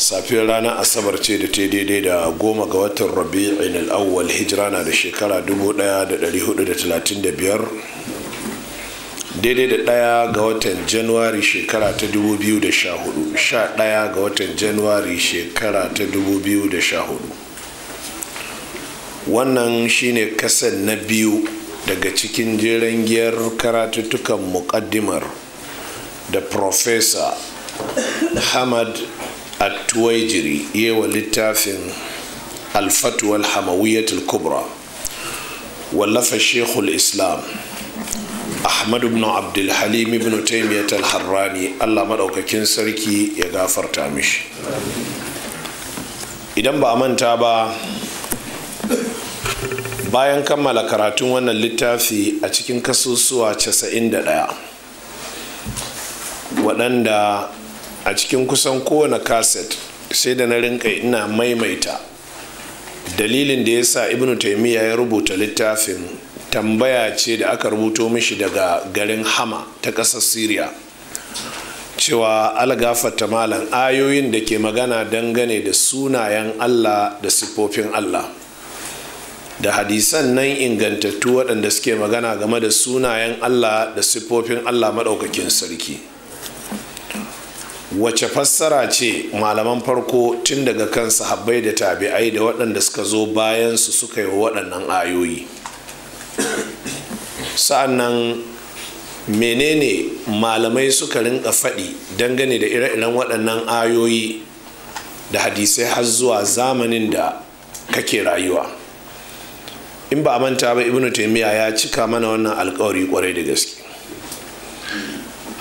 safiyar ranar asabar ce da ta daidai da goma ga watan rabi'in al'awwal hijira na da shekara 1435 daidai da daya ga watan januwari shekara ta 2014 sha daya ga watan januwari shekara ta 2014 wannan shine kasan na biyu daga cikin jeren giyar karatuttukan muƙaddimar da profesa hamad at-tuwaijiri yewa littafin alfatuwal hamawiyatul kubra wallafa shekul islam ahmad ibn abdulhalim ibn taimiyat al-harrani allah maɗaukakin sarki ya gafarta mishi idan ba a manta ba bayan kammala karatun wannan littafi a cikin kasusuwa casa'in da 91 waɗanda a cikin kusan kowane kaset sai da na rinka ina maimaita dalilin da ya sa ibn taimiyya ya rubuta littafin tambaya ce da aka rubuto mishi daga garin hama ta ƙasar syria cewa alagafata malam ayoyin da ke magana dangane da sunayen allah da siffofin allah da hadisan nan ingantattu waɗanda suke magana game da sunayen allah da siffofin allah maɗaukakin sarki wace fassara ce malaman farko tun daga kan sahabbai da tabi'ai da waɗanda suka zo bayan su suka yi waɗannan ayoyi sa'annan menene malamai suka rinka faɗi dangane da ire-iren waɗannan ayoyi da hadisai har zuwa zamanin da kake rayuwa in ba a manta ba ibnu taimiyya ya cika mana wannan alkawari kwarai da gaske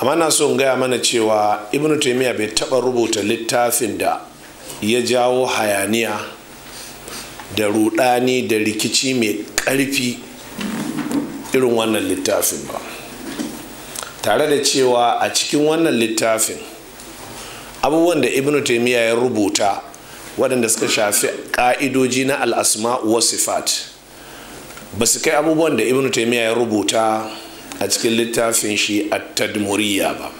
amma na so gaya mana cewa ibn taimiyya bai taba rubuta littafin da ya jawo hayaniya da rudani da rikici mai ƙarfi irin wannan littafin ba tare da cewa a cikin wannan littafin abubuwan da ibn taimiyya ya rubuta waɗanda suka shafi ƙa'idoji na al'asma wa sifat ba su kai abubuwan da ibn taimiyya ya rubuta a cikin littafin shi a tadmuriya ba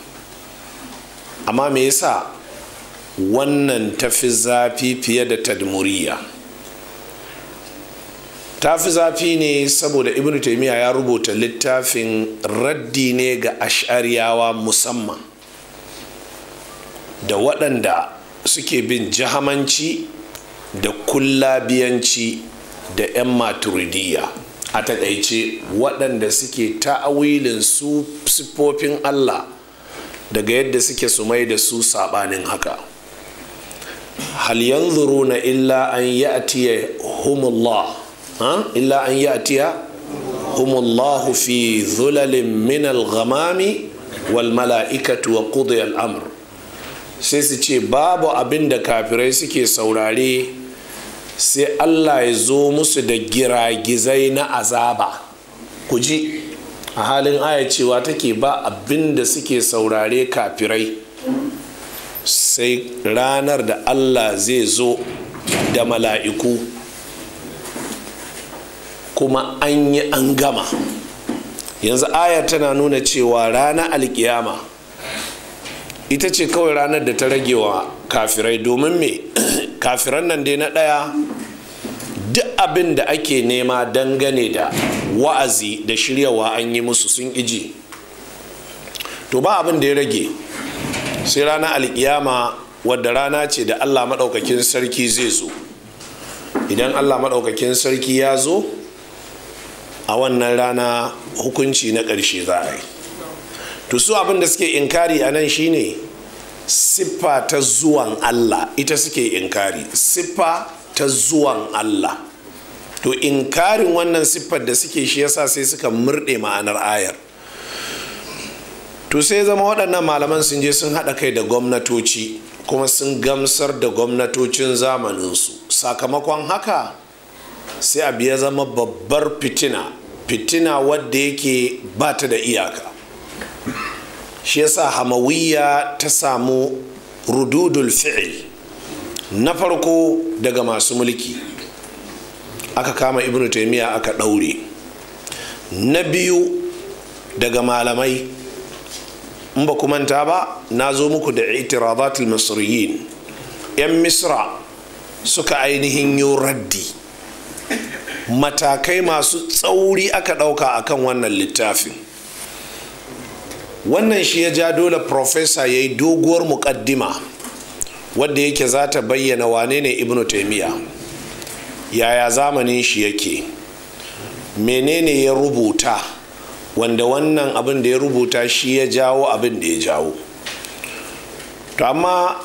amma me yasa wannan tafi zafi fiye da tadmuriya tafi zafi ne saboda ibn taimiyya ya rubuta littafin raddi ne ga ash'ariyawa musamman da waɗanda suke bin jahamanci da kullabiyanci da 'yan maturidiyya a takaice waɗanda suke ta'awilin su siffofin allah daga yadda suke su mai da su saɓanin haka hal yanzuru na illa an ya'tiya humullah illa humullahu fi zulalin minal al-ghamami wal mala'ikatu wa qudiya al'amur sai su ce babu abin da kafirai suke saurare sai allah ya zo musu da giragizai na azaba ku ji a halin aya cewa take ba abin da suke saurare kafirai sai ranar da allah zai zo da mala'iku kuma an yi an gama yanzu aya tana nuna cewa rana alkiyama ita ce kawai ranar da ta rage wa kafirai domin me kafiran nan dai na ɗaya duk abin da ake nema dangane da wa'azi da shiryawa an yi musu sun iji to ba abin da ya rage sai rana alkiyama wadda rana ce da allah maɗaukakin sarki zai zo idan allah maɗaukakin sarki ya zo a wannan rana hukunci na ƙarshe za a yi to su abin da suke inkari a nan shine siffa ta zuwan Allah ita suke inkari siffa ta zuwan Allah to inkarin wannan siffar da suke shi yasa sai suka murɗe ma'anar ayar to sai zama waɗannan malaman sun je sun haɗa kai da gwamnatoci kuma sun gamsar da gwamnatocin zamaninsu sakamakon haka sai abu ya zama babbar fitina fitina wadda yake bata da iyaka shi yasa hamawiyya ta samu rududul fi'il na farko daga masu mulki aka kama ibnu taimiyya aka ɗaure na biyu daga malamai in ba ku manta ba na zo muku da itirazatul masriyin 'yan misra suka ainihin yi raddi matakai masu tsauri aka ɗauka akan wannan littafin wannan shi ya ja dole profesa ya yi doguwar mukaddima wadda yake za ta bayyana wane ne ibnu taimiyya yaya zamanin shi yake menene ya rubuta wanda wannan abin da ya rubuta shi ya jawo abin da ya jawo to amma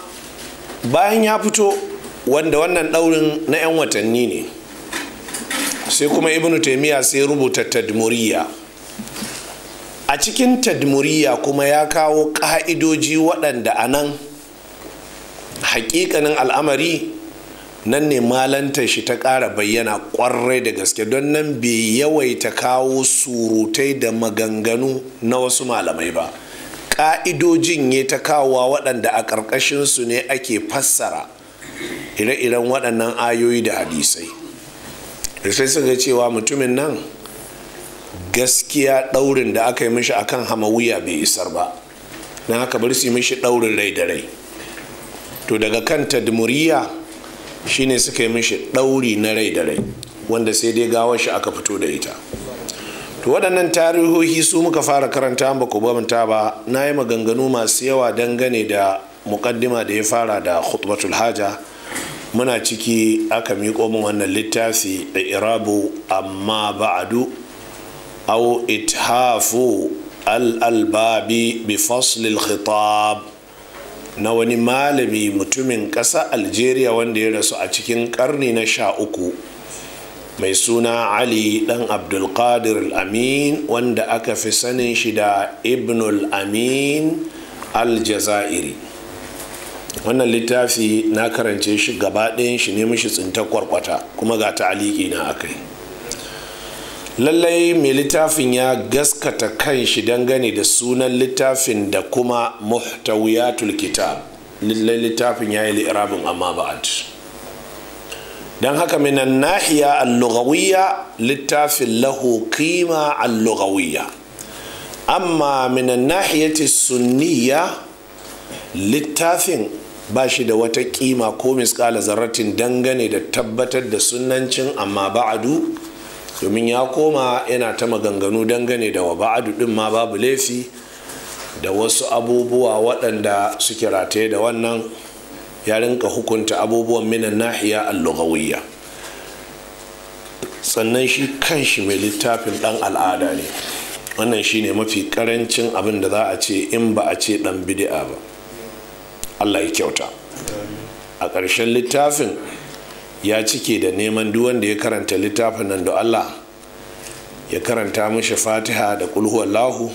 bayan ya fito wanda wannan daurin na 'yan watanni ne sai kuma ibnu taimiyya sai rubuta tadmuriya a cikin tadmuriya kuma ya kawo ƙa'idoji waɗanda a nan hakikanin al'amari nan ne malanta shi ta ƙara bayyana ƙwarai da gaske don nan bai yawaita kawo surutai da maganganu na wasu malamai ba ƙa'idojin ya ta kawowa waɗanda a ƙarƙashinsu ne ake fassara ire-iren waɗannan ayoyi da hadisai da sai suka cewa mutumin nan gaskiya ɗaurin da aka yi mishi akan wuya bai isar ba na haka bari su yi mishi ɗaurin rai da rai to daga kan tadmuriya shine suka yi mishi ɗauri na rai da rai wanda sai dai gawar shi aka fito da ita to waɗannan tarihohi su muka fara karanta ba ku bamta ba na yi maganganu masu yawa dangane da mukaddima da ya fara da khutbatul haja muna ciki aka miƙo min wannan littafi da irabu amma ba'adu أو إتحاف الألباب بفصل الخطاب na wani malami mutumin ƙasa algeria wanda ya rasu a cikin ƙarni na sha uku mai suna ali dan abdulkadir amin wanda aka fi sanin shi da ibnul amin aljazairi wannan littafi na karance shi gaba ɗayan shi ne mishi tsinta kwarkwata kuma ga ta'aliki na akai lallai mai littafin ya gaskata kan shi dangane da sunan littafin da kuma muhtawiyatul kitab lallai littafin ya yi li'irabin amma ba'ad don haka minan nahiya allugawiyya littafin lahu kima allugawiyya amma minan nahiyati sunniya littafin ba shi da wata kima ko miskala zarratin dangane da tabbatar da sunancin amma ba'adu domin ya koma yana ta maganganu dangane da wa ba'adu din ma babu laifi da wasu abubuwa waɗanda suke rataye da wannan ya rinka hukunta abubuwan minan nahiya allugawiyya sannan shi kan shi mai littafin ɗan al'ada ne wannan shi ne mafi karancin abin da za a ce in ba a ce ɗan bidi'a ba allah ya kyauta a ƙarshen littafin ya cike da neman duk wanda ya karanta littafin nan da Allah ya karanta mishi fatiha da kulhuwallahu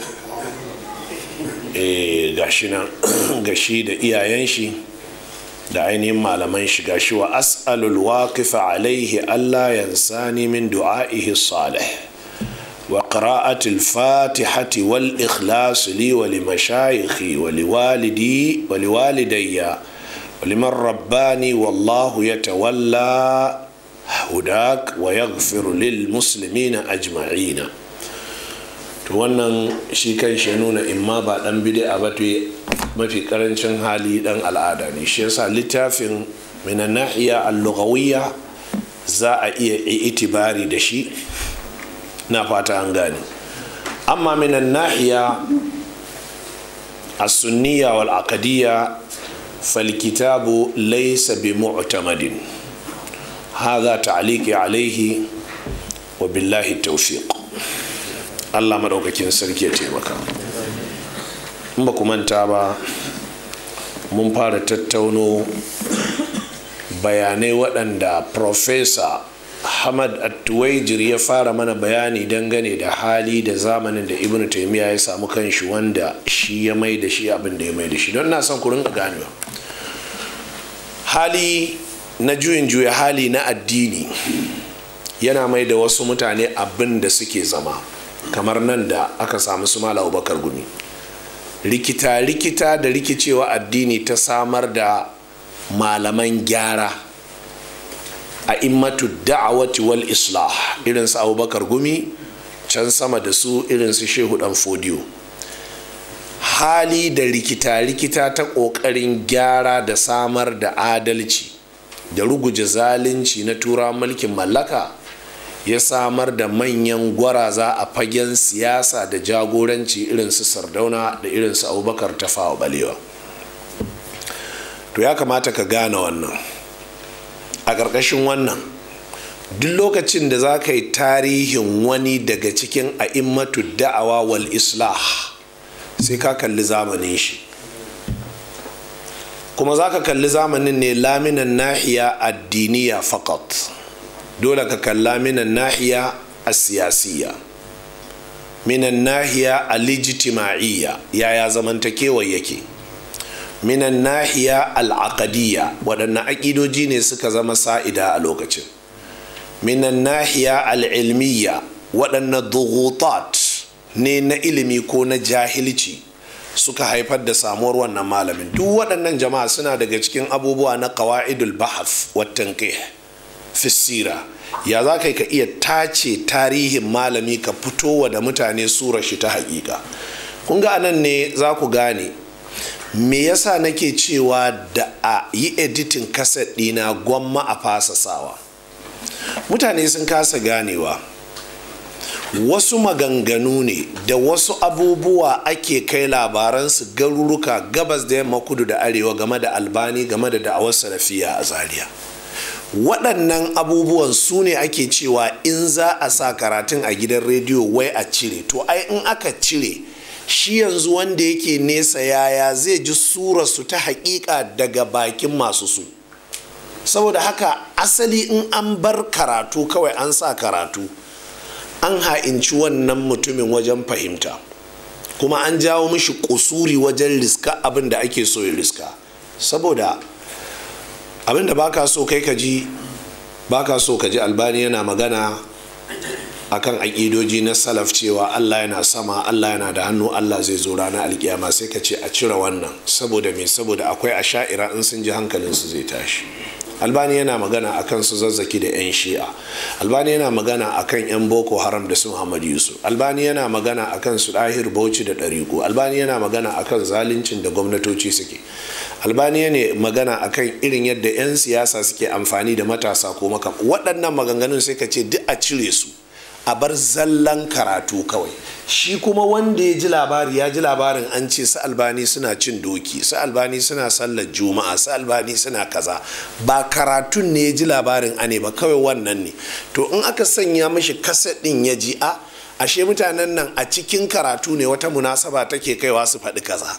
eh, gashi nan gashi da iyayen shi da ainihin malaman shi gashi wa as'alul waqifa alaihi Allah yansani min du'a'ihi salih wa qira'atil fatihati wal ikhlas li wa li mashayikhi wa li walidi wa li walidayya wa liman rabbani wallahu yatawalla hudak wa yaghfir lil muslimina ajma'ina to wannan shi kan shi nuna imma ba dan bid'a ba to mafi karancin hali dan al'ada ne shi yasa littafin minan nahiya al-lughawiyya za a iya itibari da shi na fata an gane amma minan nahiya as-sunniyya wal aqdiyya fal kitabu laysa bi mu'tamadin haza ta'aliki alaihi wa billahi tawfiq Allah maɗaukakin sarki ya taimaka in ba ku manta ba mun fara tattauno bayanai waɗanda profesa hamad attuwaijir ya fara mana bayani dangane da hali da zamanin da ibn taimiyya ya samu kan shi wanda shi ya mai da shi abin ya mai da shi don na son ku rinka ganewa hali na juyin juya hali na addini yana mai da wasu mutane abin da suke zama kamar nan da aka samu su mala Abubakar gumi rikita rikita da rikicewa addini ta samar da malaman gyara a immatu da'awati wal islah Irinsu abubakar gumi can sama da su irinsu shehu dan fodiyo hali da rikita rikita ta kokarin gyara da samar da adalci da ruguje zalunci na tura mulkin mallaka ya samar da manyan gwaraza a fagen siyasa da jagoranci irinsu sardauna da irinsu abubakar ta tafawa balewa to ya kamata ka gane wannan a ƙarƙashin wannan duk lokacin da za ka yi tarihin wani daga cikin a'immatu da'awa wal islah sai ka kalli zamanin shi kuma za ka kalli zamanin ne laminan nahiya addiniya fakat dole ka kalla laminan nahiya a siyasiya minan nahiya a lijitima'iyya yaya zamantakewar yake minan nahiya al'aqadiyya waɗannan aƙidoji ne suka zama sa'ida a lokacin minan nahiya al'ilmiyya waɗannan dugutat ne na ilimi ko na jahilci suka haifar da samuwar wannan malamin duk waɗannan jama'a suna daga cikin abubuwa na qawaidul bahaf watan kai. fisira ya za ka iya tace tarihin malami ka fitowa da mutane sura shi ta haƙiƙa kun ga anan ne za ku gane me yasa nake cewa da a yi editin kaset ɗina gwamma a fasa sawa mutane sun kasa ganewa wasu maganganu ne da wasu abubuwa ake kai labaransu garuruka gabas da yamma kudu da arewa game da albani game da da'awar sarafiya a zaria waɗannan abubuwan su ne ake cewa in za a sa karatun a gidan rediyo wai a cire to ai in aka cire shi yanzu wanda yake nesa yaya zai ji su ta haƙiƙa daga bakin masu su saboda haka asali in an bar karatu kawai an sa karatu an ha'inci wannan mutumin wajen fahimta kuma an jawo mishi kusuri wajen riska abin da ake so ya riska saboda abin da baka so kai ka ji baka so ka ji albani yana magana akan aƙidoji na salaf cewa Allah yana sama Allah yana da hannu Allah zai zo ranar alkiyama sai ka ce a cire wannan saboda me saboda akwai a sha'ira in sun ji hankalinsu zai tashi albani yana magana a kan su zazzaki da 'yan shi'a albani yana magana a kan 'yan boko haram da su muhammad yusuf albani yana magana a kan su ɗahir bauchi da ɗariku albani yana magana a kan zaluncin da gwamnatoci suke albani ne magana a kan irin yadda 'yan siyasa suke amfani da matasa ko maka waɗannan maganganun sai ka ce duk a cire su a bar zallan karatu kawai shi kuma wanda ya ji labari ya ji labarin an ce su albani suna cin doki su albani suna sallar juma'a su albani suna kaza ba karatun ne ya ji labarin a ne ba kawai wannan ne to in aka sanya mashi kaset din ya ji a ashe mutanen nan a cikin karatu ne wata munasaba take kaiwa su faɗi kaza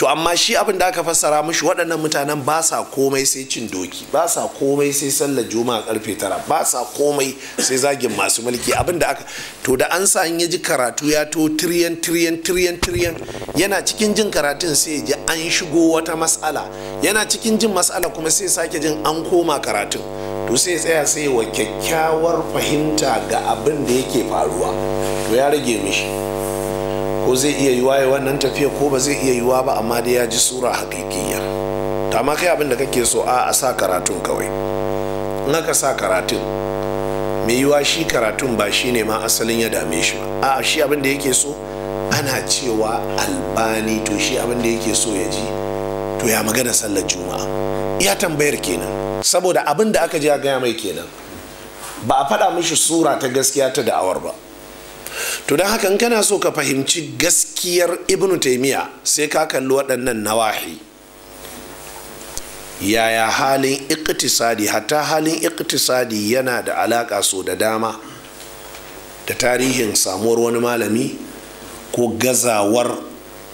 to amma shi abin da aka fassara mushi waɗannan mutanen ba sa komai sai cin doki ba sa komai sai sallar juma'a karfe tara ba sa komai sai zagin masu mulki abin da aka to da an sa ya ji karatu ya to tiriyan tiriyan tiriyan tiriyan yana cikin jin karatun sai ya ji an shigo wata matsala yana cikin jin matsala kuma sai sake jin an koma karatun to sai tsaya sai wa kyakkyawar fahimta ga abin da yake faruwa to ya rage mishi ko zai iya yiwa ya wannan tafiya ko ba zai iya yiwa ba amma dai ya ji sura hakikiya ta ma kai abin da kake so a a sa karatun kawai in aka sa karatun mai yiwa shi karatun ba shi ne ma asalin ya dame shi ba a shi abin da yake so ana cewa albani to shi abin da yake so ya ji to ya magana sallar juma'a ya tambayar kenan saboda abin da aka ji a gaya mai kenan ba a faɗa mishi sura ta gaskiya ta da'awar ba to don haka kana so ka fahimci gaskiyar ibnu taimiya sai ka kalli waɗannan nawahi yaya halin iktisadi hatta halin iktisadi yana da alaƙa so da dama da tarihin samuwar wani malami ko gazawar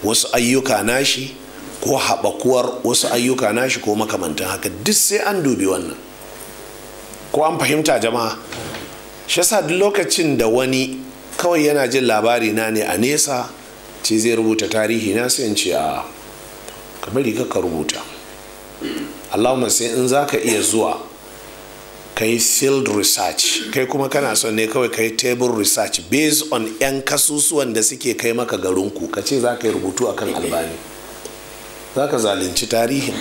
wasu ayyuka nashi ko haɓakuwar wasu ayyuka nashi ko makamantan haka duk sai an dubi wannan ko an fahimta jama'a shi duk lokacin da wani kawai yana jin labari na ne a nesa ce zai rubuta tarihi na sai in ce a ka ka rubuta allahumma sai in za ka iya zuwa ka yi field research kai kuma kana son ne kawai ka yi table research based on 'yan kasusuwan da suke kai maka garinku ka ce za ka yi rubutu a kan albani za ka zalunci tarihin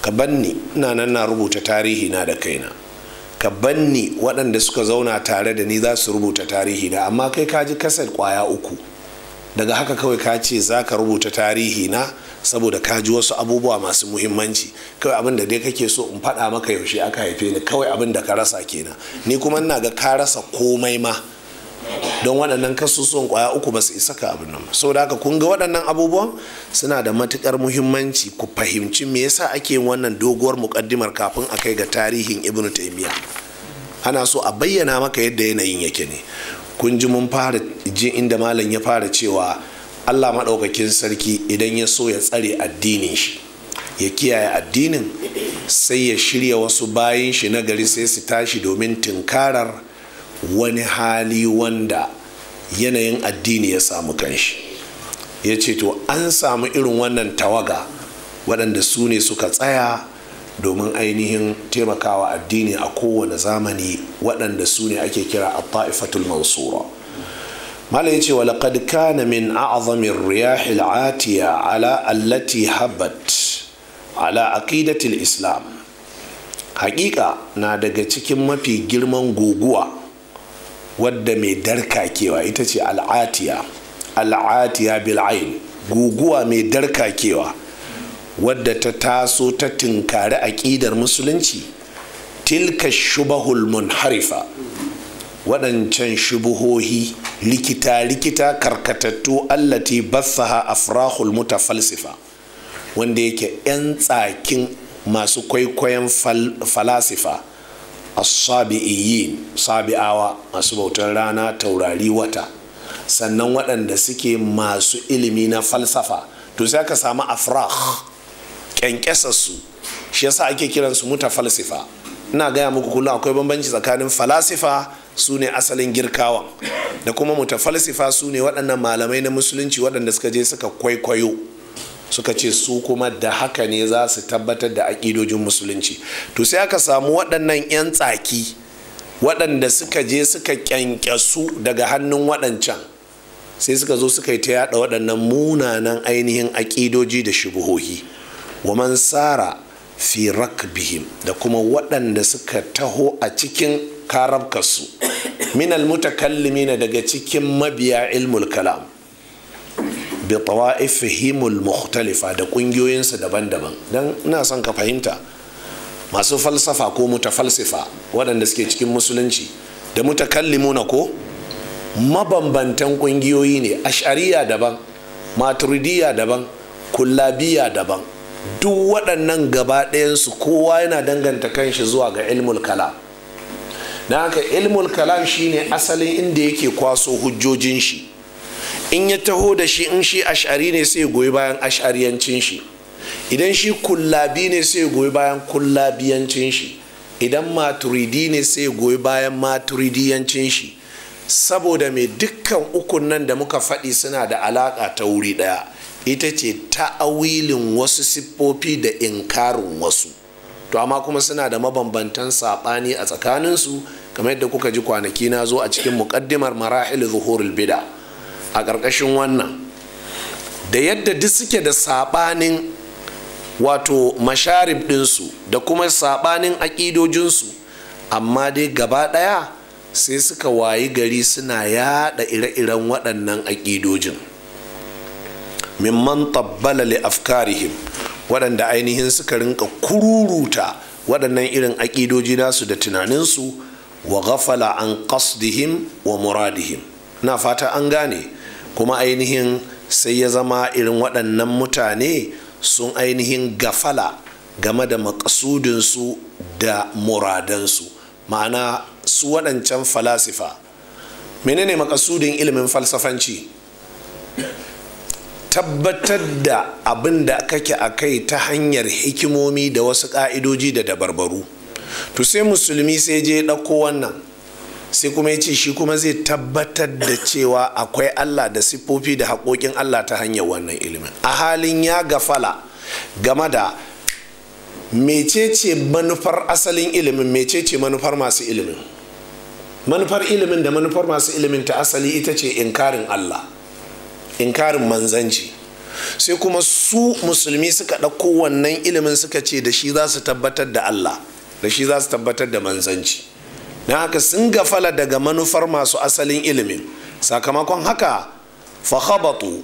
ka banni ina nan na rubuta tarihi na da kaina ka banni waɗanda suka zauna tare da ni za su rubuta tarihi na amma kai ka ji kasar kwaya uku daga haka kawai ka ce za ka rubuta tarihi na saboda ka ji wasu abubuwa masu muhimmanci kawai abinda da dai kake so in faɗa maka yaushe aka haife ni kawai abin da ka rasa kenan ni kuma ina ga ka rasa komai ma don waɗannan kasusuwan kwaya uku ba su isa ka abin nan saboda haka kun ga waɗannan abubuwan suna da matuƙar muhimmanci ku fahimci me yasa ake yin wannan doguwar muƙaddimar kafin a kai ga tarihin ibnu taimiyya. ana so a bayyana maka yadda yanayin yake ne kun ji mun fara ji inda malam ya fara cewa allah maɗaukakin sarki idan ya so ya tsare addinin shi ya kiyaye addinin sai ya shirya wasu bayan shi na gari sai su tashi domin tunkarar wani hali wanda yanayin addini ya samu kanshi ya ce to an samu irin wannan tawaga waɗanda su ne suka tsaya domin ainihin taimakawa addini a kowane zamani waɗanda su ne ake kira a ta'ifatul mansura mala ya ce wa laqad kana min a'zamin riyahil atiya ala allati habat ala aqidatil islam hakika na daga cikin mafi girman guguwa wadda mai darkakewa ita ce al'atiya al'atiya bil'ain guguwa mai darkakewa wadda ta taso ta tinkari aƙidar musulunci tilka shubahul munharifa waɗancan shubuhohi likita-likita karkatattu allati bassaha afrahul falsifa wanda yake 'yan tsakin masu kwaikwayon falasifa as-sabi'iyyin sabi'awa masu bautar rana taurari wata sannan waɗanda suke masu ilimi na falsafa to sai aka samu afrah su shi yasa ake kiransu falsifa ina gaya muku kullum akwai bambanci tsakanin falasifa su ne asalin girkawa da kuma mutafalsifa su ne waɗannan malamai na musulunci waɗanda suka je suka kwaikwayo suka ce su kuma da haka ne za su tabbatar da aƙidojin musulunci to sai aka samu waɗannan 'yan tsaki waɗanda suka je suka ƙyanƙyasu daga hannun waɗancan sai suka zo suka yi ta yaɗa waɗannan munanan ainihin aƙidoji da shubuhohi wa man sara fi rakbihim da kuma waɗanda suka taho a cikin karabkarsu minal mutakallimina daga cikin mabiya ilmul kalam bi tawa'ifihimul mukhtalifa da kungiyoyinsu daban-daban dan ina son ka fahimta masu falsafa ko mutafalsifa waɗanda suke cikin musulunci da mutakallimuna ko mabambantan kungiyoyi ne ashariya daban maturidiya daban kullabiya daban duk waɗannan gaba ɗayansu kowa yana danganta kanshi zuwa ga ilmul kalam na haka ilmul kalam shine asalin inda yake kwaso hujjojin shi in ya taho da shi in shi ash'ari ne sai goyi bayan ash'ariyancin shi idan shi kullabi ne sai goyi bayan kullabiyancin shi idan maturidi ne sai goyi bayan maturidiyancin shi saboda mai dukkan ukun nan da muka faɗi suna da alaƙa ta wuri ɗaya ita ce ta'awilin wasu siffofi da inkarin wasu to amma kuma suna da mabambantan saɓani a tsakaninsu kamar yadda kuka ji kwanaki na zo a cikin muƙaddimar marahil zuhurul bida' a ƙarƙashin wannan da yadda duk suke da saɓanin wato masharib ɗinsu da kuma saɓanin aƙidojinsu amma dai gaba ɗaya sai suka wayi gari suna yaɗa ire-iren waɗannan aƙidojin mimman tabbala li afkarihim waɗanda ainihin suka rinka kururuta waɗannan irin aƙidoji nasu da tunaninsu wa gafala an qasdihim wa muradihim na fata an gane kuma ainihin sai ya zama irin waɗannan mutane sun ainihin gafala game da makasudinsu da muradansu ma'ana su waɗancan falasifa menene makasudin ilimin falsafanci tabbatar da abin da kake a kai ta hanyar hikimomi da wasu ƙa'idoji da dabarbaru to sai musulmi sai je ɗauko wannan sai kuma ya ce shi kuma zai tabbatar da cewa akwai allah da siffofi da haƙoƙin allah ta hanyar wannan ilimin a halin ya gafala game da mecece manufar asalin ilimin mecece manufar masu ilimin manufar ilimin da manufar masu ilimin ta asali ita ce inkarin allah inkarin manzanci sai kuma su musulmi suka ɗauko wannan ilimin suka ce da shi za su tabbatar da allah da shi za su tabbatar da manzanci don haka sun gafala daga manufar masu asalin ilimin sakamakon haka fahabatu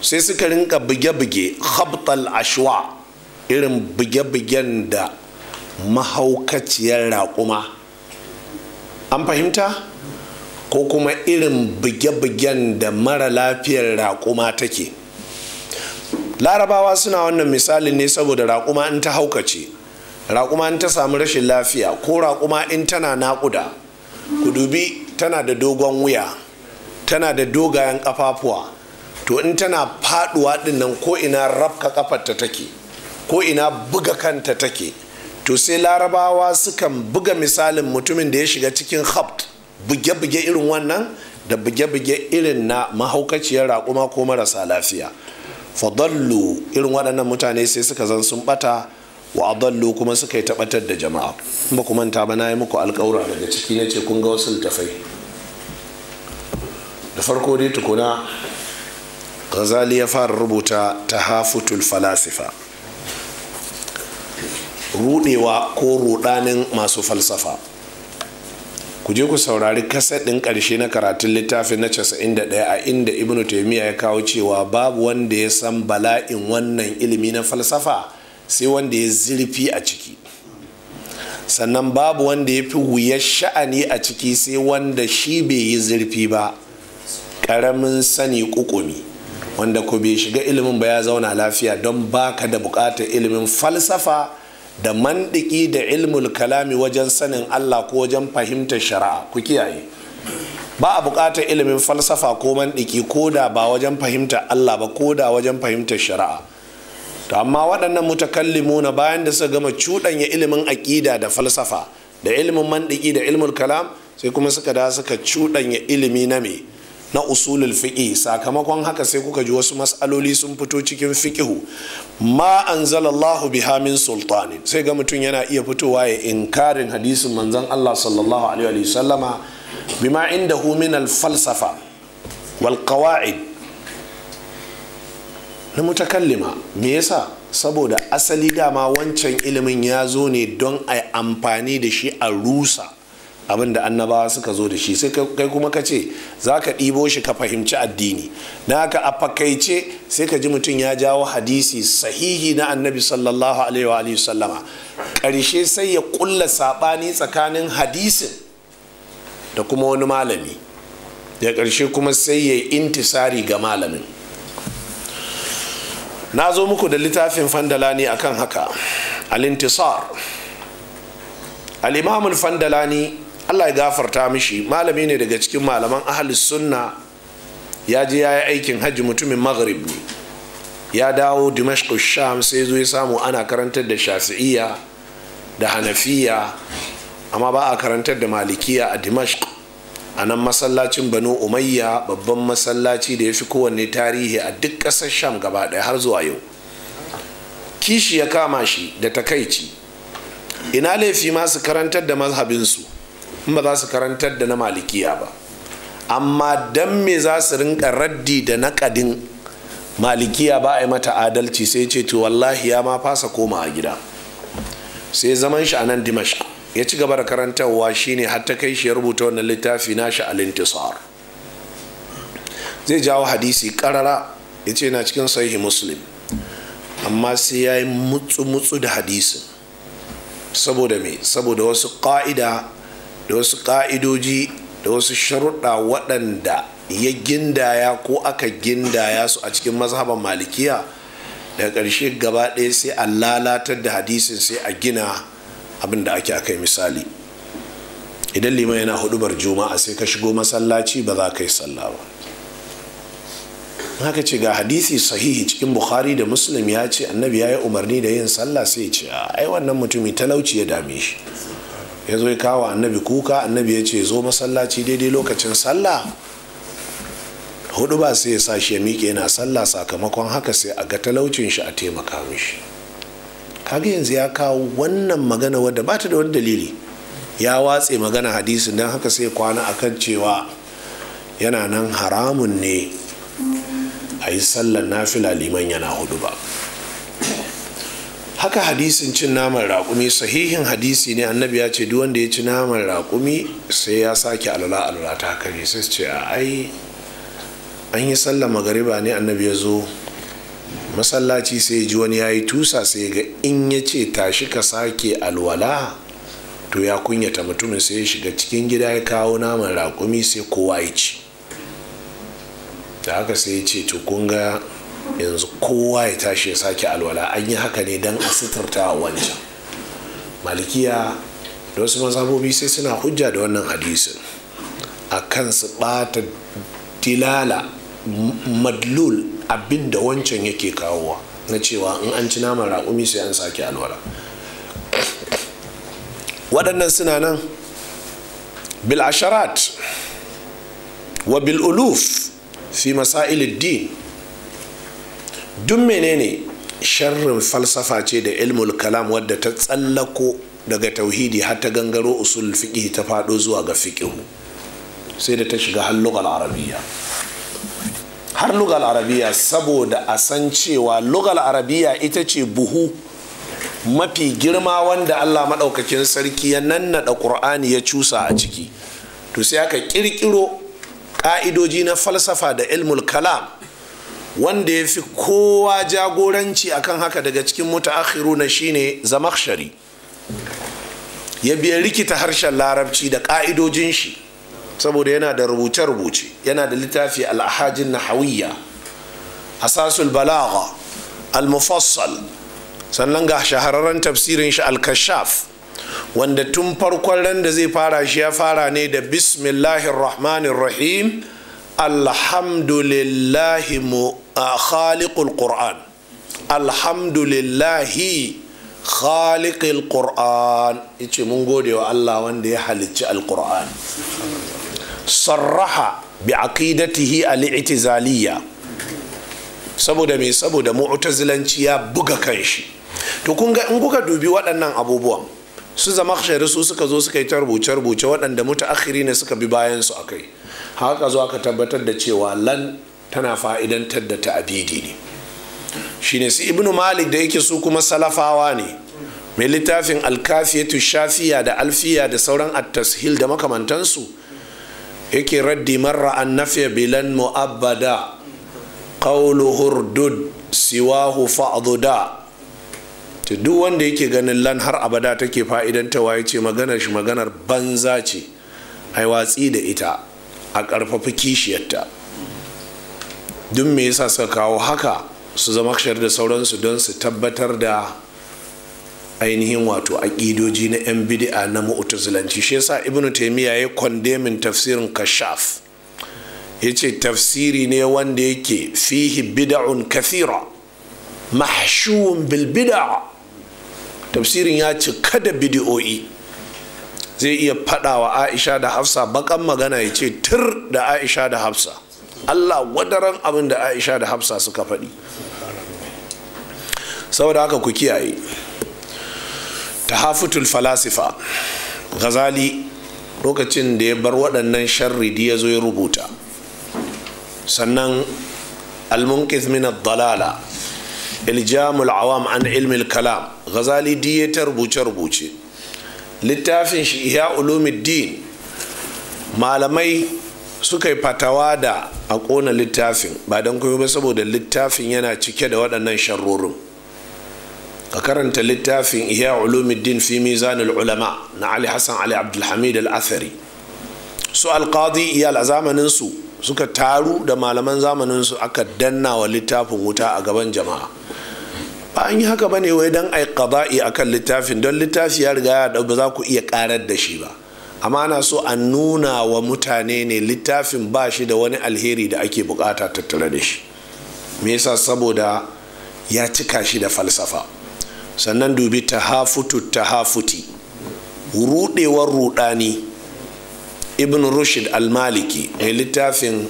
sai suka rinka buge-buge habtal ashwa irin buge-bugen da mahaukaciyar raƙuma an fahimta ko kuma irin buge-bugen da mara lafiyar raƙuma take larabawa suna wannan misalin ne saboda raƙuma in ta haukace raƙuma in ta samu rashin lafiya ko raƙuma in tana naƙuda ku dubi tana da dogon wuya tana da dogayen ƙafafuwa to in tana faɗuwa ɗinnan ko ina rafka ƙafarta take ko ina buga kanta take to sai larabawa sukan buga misalin mutumin da ya shiga cikin habt buge-buge irin wannan da buge-buge irin na mahaukaciyar raƙuma ko marasa lafiya fadallu irin waɗannan mutane sai suka zan sun ɓata wa adallu kuma suka yi tabbatar da jama'a kuma ku manta ba na yi muku alƙawura daga ciki na ce kun ga wasu tafai. da farko dai tukuna ghazali ya fara rubuta tahafutul falasifa rudewa ko rudanin masu falsafa ku je ku saurari kaset ɗin ƙarshe na karatun littafin na 91 a inda ibnu taimiyya ya kawo cewa babu wanda ya san bala'in wannan ilimi na falsafa sai wanda ya zirfi a ciki sannan babu wanda ya fi wuyar sha'ani a ciki sai wanda shi bai yi zirfi ba karamin sani ƙuƙumi wanda ku bai shiga ilimin ba ya zauna lafiya don baka da buƙatar ilimin falsafa da mandiki da ilmul kalami wajen sanin Allah ko wajen fahimtar shari'a ku kiyaye ba a buƙatar ilimin falsafa ko mandiki ko da ba wajen fahimtar Allah ba ko da wajen fahimtar shari'a to amma waɗannan mutakallimuna bayan da suka gama cuɗanya ilimin aƙida da falsafa da ilimin mandiki da ilimin kalam sai kuma suka da suka cuɗanya ilimi na me na usulul fiƙi sakamakon haka sai kuka ji wasu matsaloli sun fito cikin fiƙihu ma anzalallahu biha min sultani sai ga mutum yana iya fitowa ya inkarin hadisin manzon Allah sallallahu alaihi wa sallama bima indahu min al falsafa wal qawaid na mutakallima me yasa saboda asali dama wancan ilimin ya zo ne don a amfani da shi a rusa abinda annabawa suka zo da shi sai kai kuma ka ce za ka ɗibo shi ka fahimci addini na ka a fakaice sai ka ji mutum ya jawo hadisi sahihi na annabi sallallahu alaihi wa sallama ƙarshe sai ya ƙulla saɓani tsakanin hadisin da kuma wani malami da ƙarshe kuma sai ya intisari ga malamin na zo muku da littafin fandalani kan haka al-intisar al fandalani allah ya gafarta mishi malami ne daga cikin malaman ahalis sunna ya je ya yi aikin hajji mutumin maghrib ne ya dawo dimashq sham sai zo ya samu ana karantar da shafi'iyya da hanafiya amma ba a karantar da malikiya a dimashq a nan masallacin banu umayya babban masallaci da ya fi kowanne tarihi a duk ƙasar sham gaba ɗaya har zuwa yau kishi ya kama shi da takaici ina laifi ma su karantar da mazhabinsu in ba za su karantar da na malikiya ba amma dan me za su rinka raddi da naƙadin malikiya ba a yi mata adalci sai ce to wallahi ya ma fasa koma a gida sai zaman shi a nan dimashi ya ci gaba da karantarwa shine har ta kai shi ya rubuta wannan littafi nashi al-intisar zai jawo hadisi karara ya ce na cikin sahihi muslim amma sai ya yi mutsu-mutsu da hadisin saboda me saboda wasu ƙa'ida da wasu ƙa'idoji da wasu sharuɗa waɗanda ya gindaya ko aka gindaya su a cikin mazhaban malikiya daga ƙarshe gaba ɗaya sai a lalatar da hadisin sai a gina abin da ake akai misali idan liman yana hudubar juma'a sai ka shigo masallaci ba za ka yi sallah ba haka ce ga hadisi sahihi cikin bukhari da muslim ya ce annabi ya yi umarni da yin sallah sai ce a ai wannan mutumi talauci ya dame shi ya zo ya kawo annabi kuka annabi ya ce zo masallaci daidai lokacin sallah hudu ba sai ya sa shi ya miƙe yana sallah sakamakon haka sai a ga talaucin shi a taimaka mishi kaga yanzu ya kawo wannan magana wadda bata da wani dalili ya watse magana hadisi don haka sai kwana akan cewa yana nan haramun ne a yi sallar nafila liman yana hudu ba haka hadisin cin naman raƙumi sahihin hadisi ne annabi ya ce duk wanda ya ci naman raƙumi sai ya sake alala alala ta kare sai ce a ai an yi sallar magariba ne annabi ya zo masallaci sai ji wani ya yi tusa sai ga in ya ce tashi ka sake alwala to ya kunyata mutumin sai ya shiga cikin gida ya kawo naman raƙumi sai kowa ya ci da haka sai ya ce to kun ga yanzu kowa ya tashi ya sake alwala an yi haka ne don a suturta a wancan malikiya da wasu mazabobi sai suna hujja da wannan hadisin a kan su ɓata dilala madlul abin da wancan yake kawowa na cewa in an ci naman raƙumi sai an sake alwala waɗannan suna nan bil asharat wa bil uluf fi masail din duk menene sharrin falsafa ce da ilmul kalam wadda ta tsallako daga tauhidi har ta gangaro usul fiƙi ta faɗo zuwa ga fiƙihu sai da ta shiga hallugal arabiyya har lugal arabiya saboda a san cewa lugal arabiya ita ce buhu mafi girma wanda allah maɗaukakin sarki ya nannaɗa ƙur'ani ya cusa a ciki to sai aka ƙirƙiro ƙa'idoji na falsafa da ilmul kalam wanda ya fi kowa jagoranci akan haka daga cikin mutaakhiru na shine zamakshari ya biya rikita harshen larabci da ƙa'idojin shi saboda yana da rubuce-rubuce yana da littafi al'ahajin nahawiyya asasul balagha al-mufassal sannan ga shahararren tafsirin shi al-kashaf wanda tun farkon ran da zai fara shi ya fara ne da bismillahir rahmanir rahim alhamdulillahi khaliqul qur'an alhamdulillahi khaliqul qur'an yace mun gode wa Allah wanda ya halicci alqur'an sarraha bi aqidatihi al itizaliya saboda me saboda mu'tazilanci ya buga kanshi to kun ga in kuka dubi waɗannan abubuwan su zama su suka zo suka yi ta rubuce rubuce waɗanda mutaakhiri ne suka bi bayan su akai haka zo aka tabbatar da cewa lan tana fa'idantar da ta'abidi ne shine su ibnu malik da yake su kuma salafawa ne mai littafin alkafiyatu shafiya da alfiya da sauran at-tashil da makamantansu yake raddi marra an nafiya bilan mu'abbada qawlu hurdud siwahu fa'duda to duk wanda yake ganin lan har abada take fa'idanta ta waye ce maganar shi maganar banza ce ai watsi da ita a ƙarfafi kishiyarta duk me yasa suka kawo haka su zama da sauransu don su tabbatar da ainihin wato aƙidoji na 'yan bidi'a na Mautazilanci, shi yasa ibnu taimiyya ya kwandemin tafsirin kashaf ya ce tafsiri ne wanda yake fihi bida'un kathira mahshuwun bilbida. tafsirin ya cika da bidi'o'i zai iya faɗawa aisha da hafsa bakan magana ya ce tur da aisha da hafsa allah wadaran abin da aisha da hafsa suka faɗi saboda haka ku kiyaye tahafutul falasifa gazali, lokacin da ya bar waɗannan sharridi ya zo ya rubuta sannan almunkith min dalala iljamul awam an ilmil kalam ghazali diye ta rubuce rubuce littafin shi iya ulumuddin malamai suka yi fatawa da a ƙona littafin ba don kuma ba saboda littafin yana cike da waɗannan sharrorin ka karanta littafin ihya ulumuddin fi mizanul ulama na ali hassan ali abdulhamid al-athari su alqadi iyal a zamaninsu suka taru da malaman zamaninsu aka danna wa littafin wuta a gaban jama'a ba an yi haka ba ne wai don ai qada'i akan littafin don littafi ya riga ya ba za ku iya karar da shi ba amma ana so a nuna wa mutane ne littafin ba shi da wani alheri da ake bukata tattare da shi me yasa saboda ya cika shi da falsafa sannan dubi ta ta hafuti rudewar rudani ibn rushid al-maliki mai littafin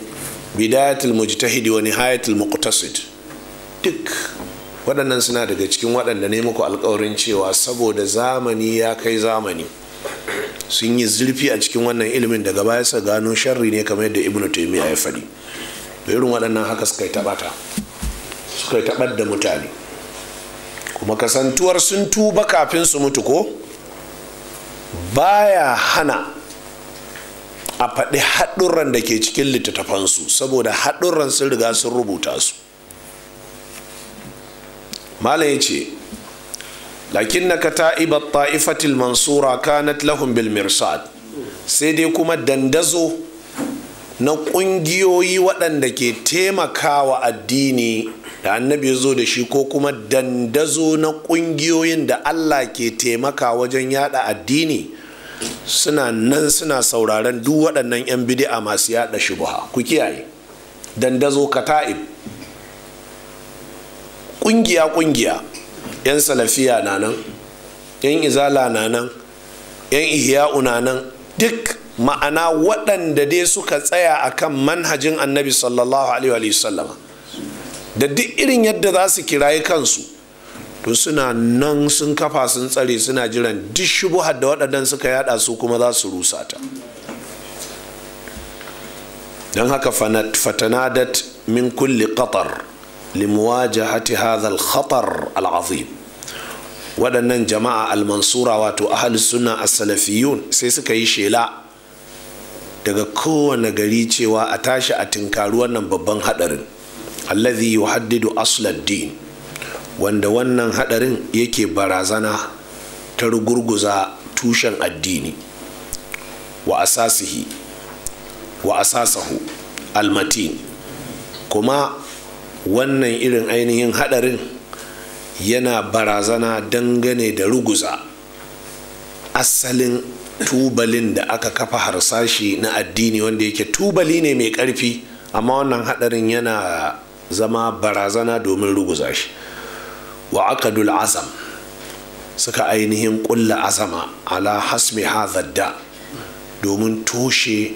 bidayatul mujtahidi wani nihayatul muqtasid duk waɗannan suna daga cikin waɗanda ne muku alkawarin cewa saboda zamani ya kai zamani sun yi zurfi a cikin wannan ilimin daga baya sa gano sharri ne kamar yadda ibnu taymiya ya faɗi da irin waɗannan haka suka yi taɓata suka yi taɓar da mutane kuma kasantuwar sun tuba kafin su mutu ko baya hana a faɗi haɗurran da ke cikin littattafansu saboda haɗurran sun riga sun rubuta su malam ya ce lakin na ka ta'ifatil mansura kanat lahum bil mirsad sai dai kuma dandazo na ƙungiyoyi waɗanda ke taimakawa addini da annabi ya zo da shi ko kuma dandazo na kungiyoyin da allah ke taimaka wajen yada addini suna nan suna sauraron duk waɗannan 'yan bidi'a masu yada shubuha ku kiyaye dandazo kata'ib kungiya-kungiya 'yan salafiya na nan 'yan izala na nan 'yan ihiya'u na nan duk ma'ana waɗanda dai suka tsaya akan manhajin annabi sallallahu alaihi wasallama da duk irin yadda za su kirayi kansu to suna nan sun kafa sun tsare suna jiran duk shubuhar da waɗannan suka yada su kuma za su rusa ta don haka fatanadat min kulli qatar limuwa hadha hazal khatar al'azim waɗannan jama'a almansura wato ahlus suna asalafiyun sai suka yi shela daga kowane gari cewa a tashi a tinkari wannan babban haɗarin alladhi yuhaddidu aslad din wanda wannan hadarin yake barazana ta rugurguza tushen addini wa asasihi wa asasahu almatin kuma wannan irin ainihin hadarin yana barazana dangane da ruguza asalin tubalin da aka kafa harsashi na addini wanda yake tubali ne mai karfi amma wannan hadarin yana zama barazana domin ruguza shi wa aqadul azam suka ainihin kulla azama ala hasmi hadha domin toshe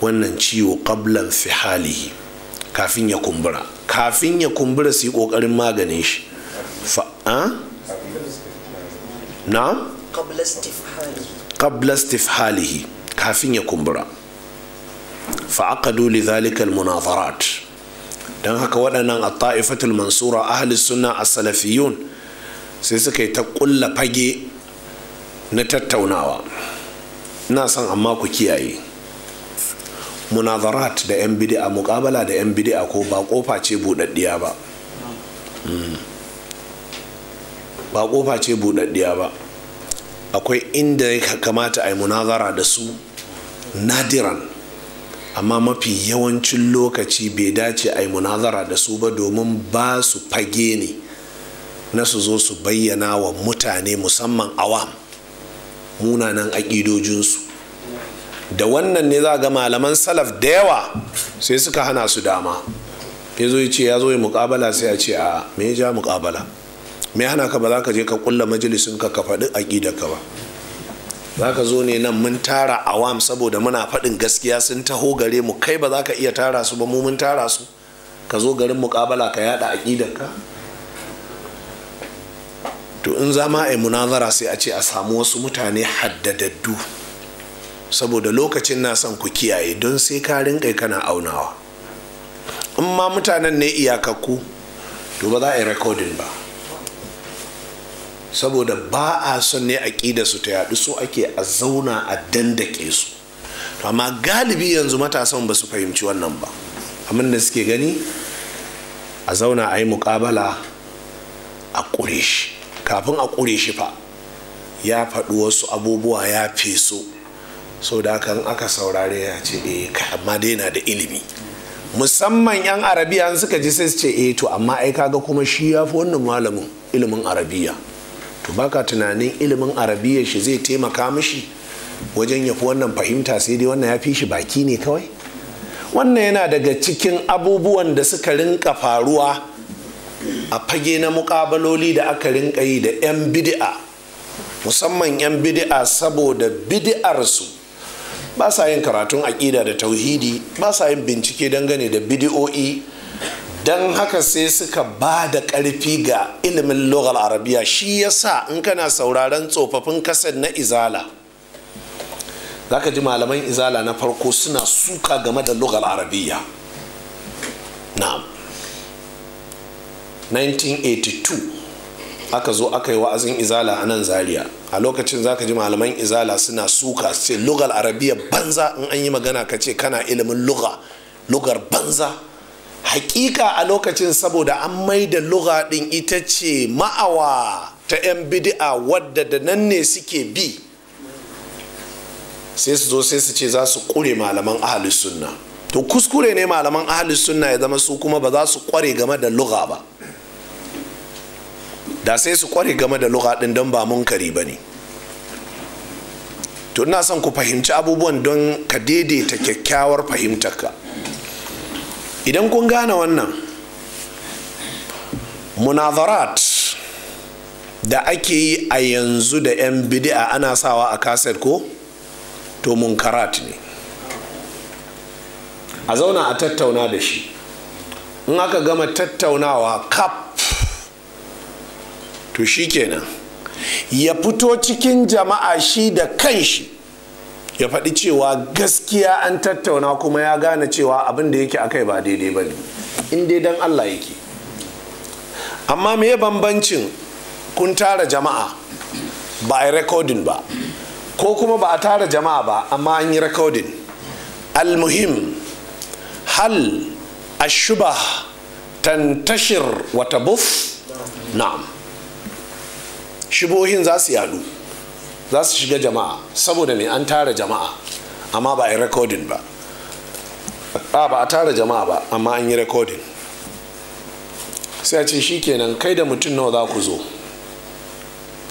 wannan ciwo qablan fi halihi kafin ya kumbura kafin ya kumbura su yi kokarin maganin shi fa'a na qabla istifhalihi kafin ya kumbura fa'aqadu zalikal almunazarat don haka waɗannan a ta'ifatul mansura ahli suna a salafiyun sai suka yi ta ƙulla fage na tattaunawa ina son amma ku kiyaye munazarat da 'yan bidi'a mukabala da 'yan bidi'a ko ba kofa ce buɗaɗɗiya ba hmm. ba kofa ce buɗaɗɗiya ba akwai inda ya kamata a yi munazara da su nadiran amma mafi yawancin lokaci bai dace a yi munazara da su ba domin ba su fage ne na su zo su bayyana wa mutane musamman awam munanan aƙidojinsu da wannan ne za ga malaman salaf da yawa sai suka hana su dama ya zo ya ce ya zo ya mukabala sai a ce a me ja mukabala me hana ka ba za ka je ka kulla majalisin ka ka faɗi aƙidar ka ba za ka zo ne nan mun tara awam saboda muna faɗin gaskiya sun taho gare mu kai ba za ka iya tara su ba mu mun tara su ka zo garin muƙabala ka yada aƙidanka to in zama a munazara sai a ce a samu wasu mutane haddadaddu saboda lokacin na son ku kiyaye don sai ka rinka kana aunawa in ma mutanen ne iyakakku to ba za a yi rikodin ba saboda ba a son ne aƙida su ta yaɗu so ake a zauna a dandake su To amma galibi yanzu matasan ba su fahimci wannan ba amma da suke gani a zauna a yi muƙabala a ƙure shi kafin a ƙure shi fa ya faɗi wasu abubuwa ya feso so da kan aka saurare ya ce eh amma dai na da ilimi musamman yan arabiya suka ji sai su ce eh to amma ai kaga kuma shi ya fi wannan malamin ilimin arabiya to baka tunanin ilimin arabiya shi zai taimaka mishi wajen yafi wannan fahimta sai dai wannan ya fi shi baki ne kawai wannan yana daga cikin abubuwan da suka rinka faruwa a fage na mukabaloli da aka rinka yi da 'yan bidi'a. musamman 'yan bidi'a saboda su ba sa yin karatun aƙida da tauhidi ba sa yin bincike dangane da bidi'o'i don haka sai suka ba da ƙarfi ga ilimin lughal arabiya shi yasa in kana sauraron tsofaffin kasar na izala Za ka ji malaman izala na farko suna suka game da lughal arabiya na'am 1982 aka zo aka yi wa'azin izala a nan zaria a lokacin za ka ji malaman izala suna suka ce lughal arabiya banza in an yi magana ka ce kana ilimin lugar banza hakika a lokacin saboda an maida lura din ita ce ma'awa ta 'yan bidi'a wadda da nan ne suke bi sai su zo sai su ce za su kure malaman sunna to kuskure ne malaman ahalus sunna ya zama su kuma ba za su kware game da lura ba da sai su kware game da lura din don ba munkari ba ne to ina son ku fahimci abubuwan don ka daidaita kyakkyawar fahimtarka idan kun gane wannan munazarat da ake yi a yanzu da 'yan bidi'a ana sawa a kaset ko to munkarat ne a zauna a tattauna da shi in aka gama tattaunawa kap to shi kenan ya fito cikin jama'a shi da kanshi ya faɗi cewa gaskiya an tattauna kuma ya gane cewa abin da yake akai ba daidai ba ne in dai dan allah yake amma me bambancin kun tara jama'a ba a rekodin ba ko kuma ba a tara jama'a ba amma an yi rekodin almuhim hal ashuba tantashir wata buf na'am shibohin za su yadu za su shiga jama'a saboda me an tara jama'a amma ba a yi rekodin ba a ba a tara jama'a ba amma an yi rekodin sai a ce shi kenan kai da mutum nawa za ku zo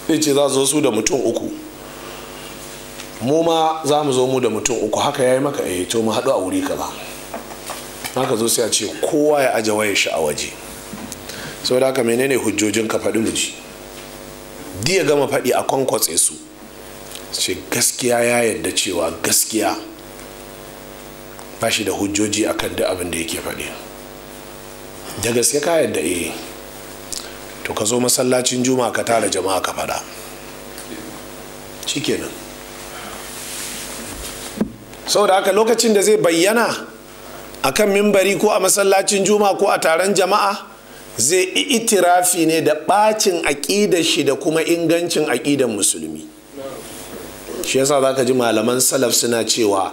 zai ce za zo su da mutum uku mu ma za mu zo mu da mutum uku haka ya yi maka eh to mu haɗu a wuri ka ba haka zo sai a ce kowa ya aje waye shi a waje saboda haka menene hujjojin ka faɗi mu ji ya gama faɗi a kwankwatse su ce gaskiya ya yadda cewa gaskiya ba shi da hujjoji akan duk abin da yake faɗi da gaske ka yadda eh to ka zo masallacin juma ka tara jama'a ka faɗa Sau da haka lokacin da zai bayyana a kan mimbari ko a masallacin juma ko a taron jama'a zai itirafi ne da ɓacin aƙidar shi da kuma ingancin aƙidar musulmi shi yasa ka ji malaman salaf suna cewa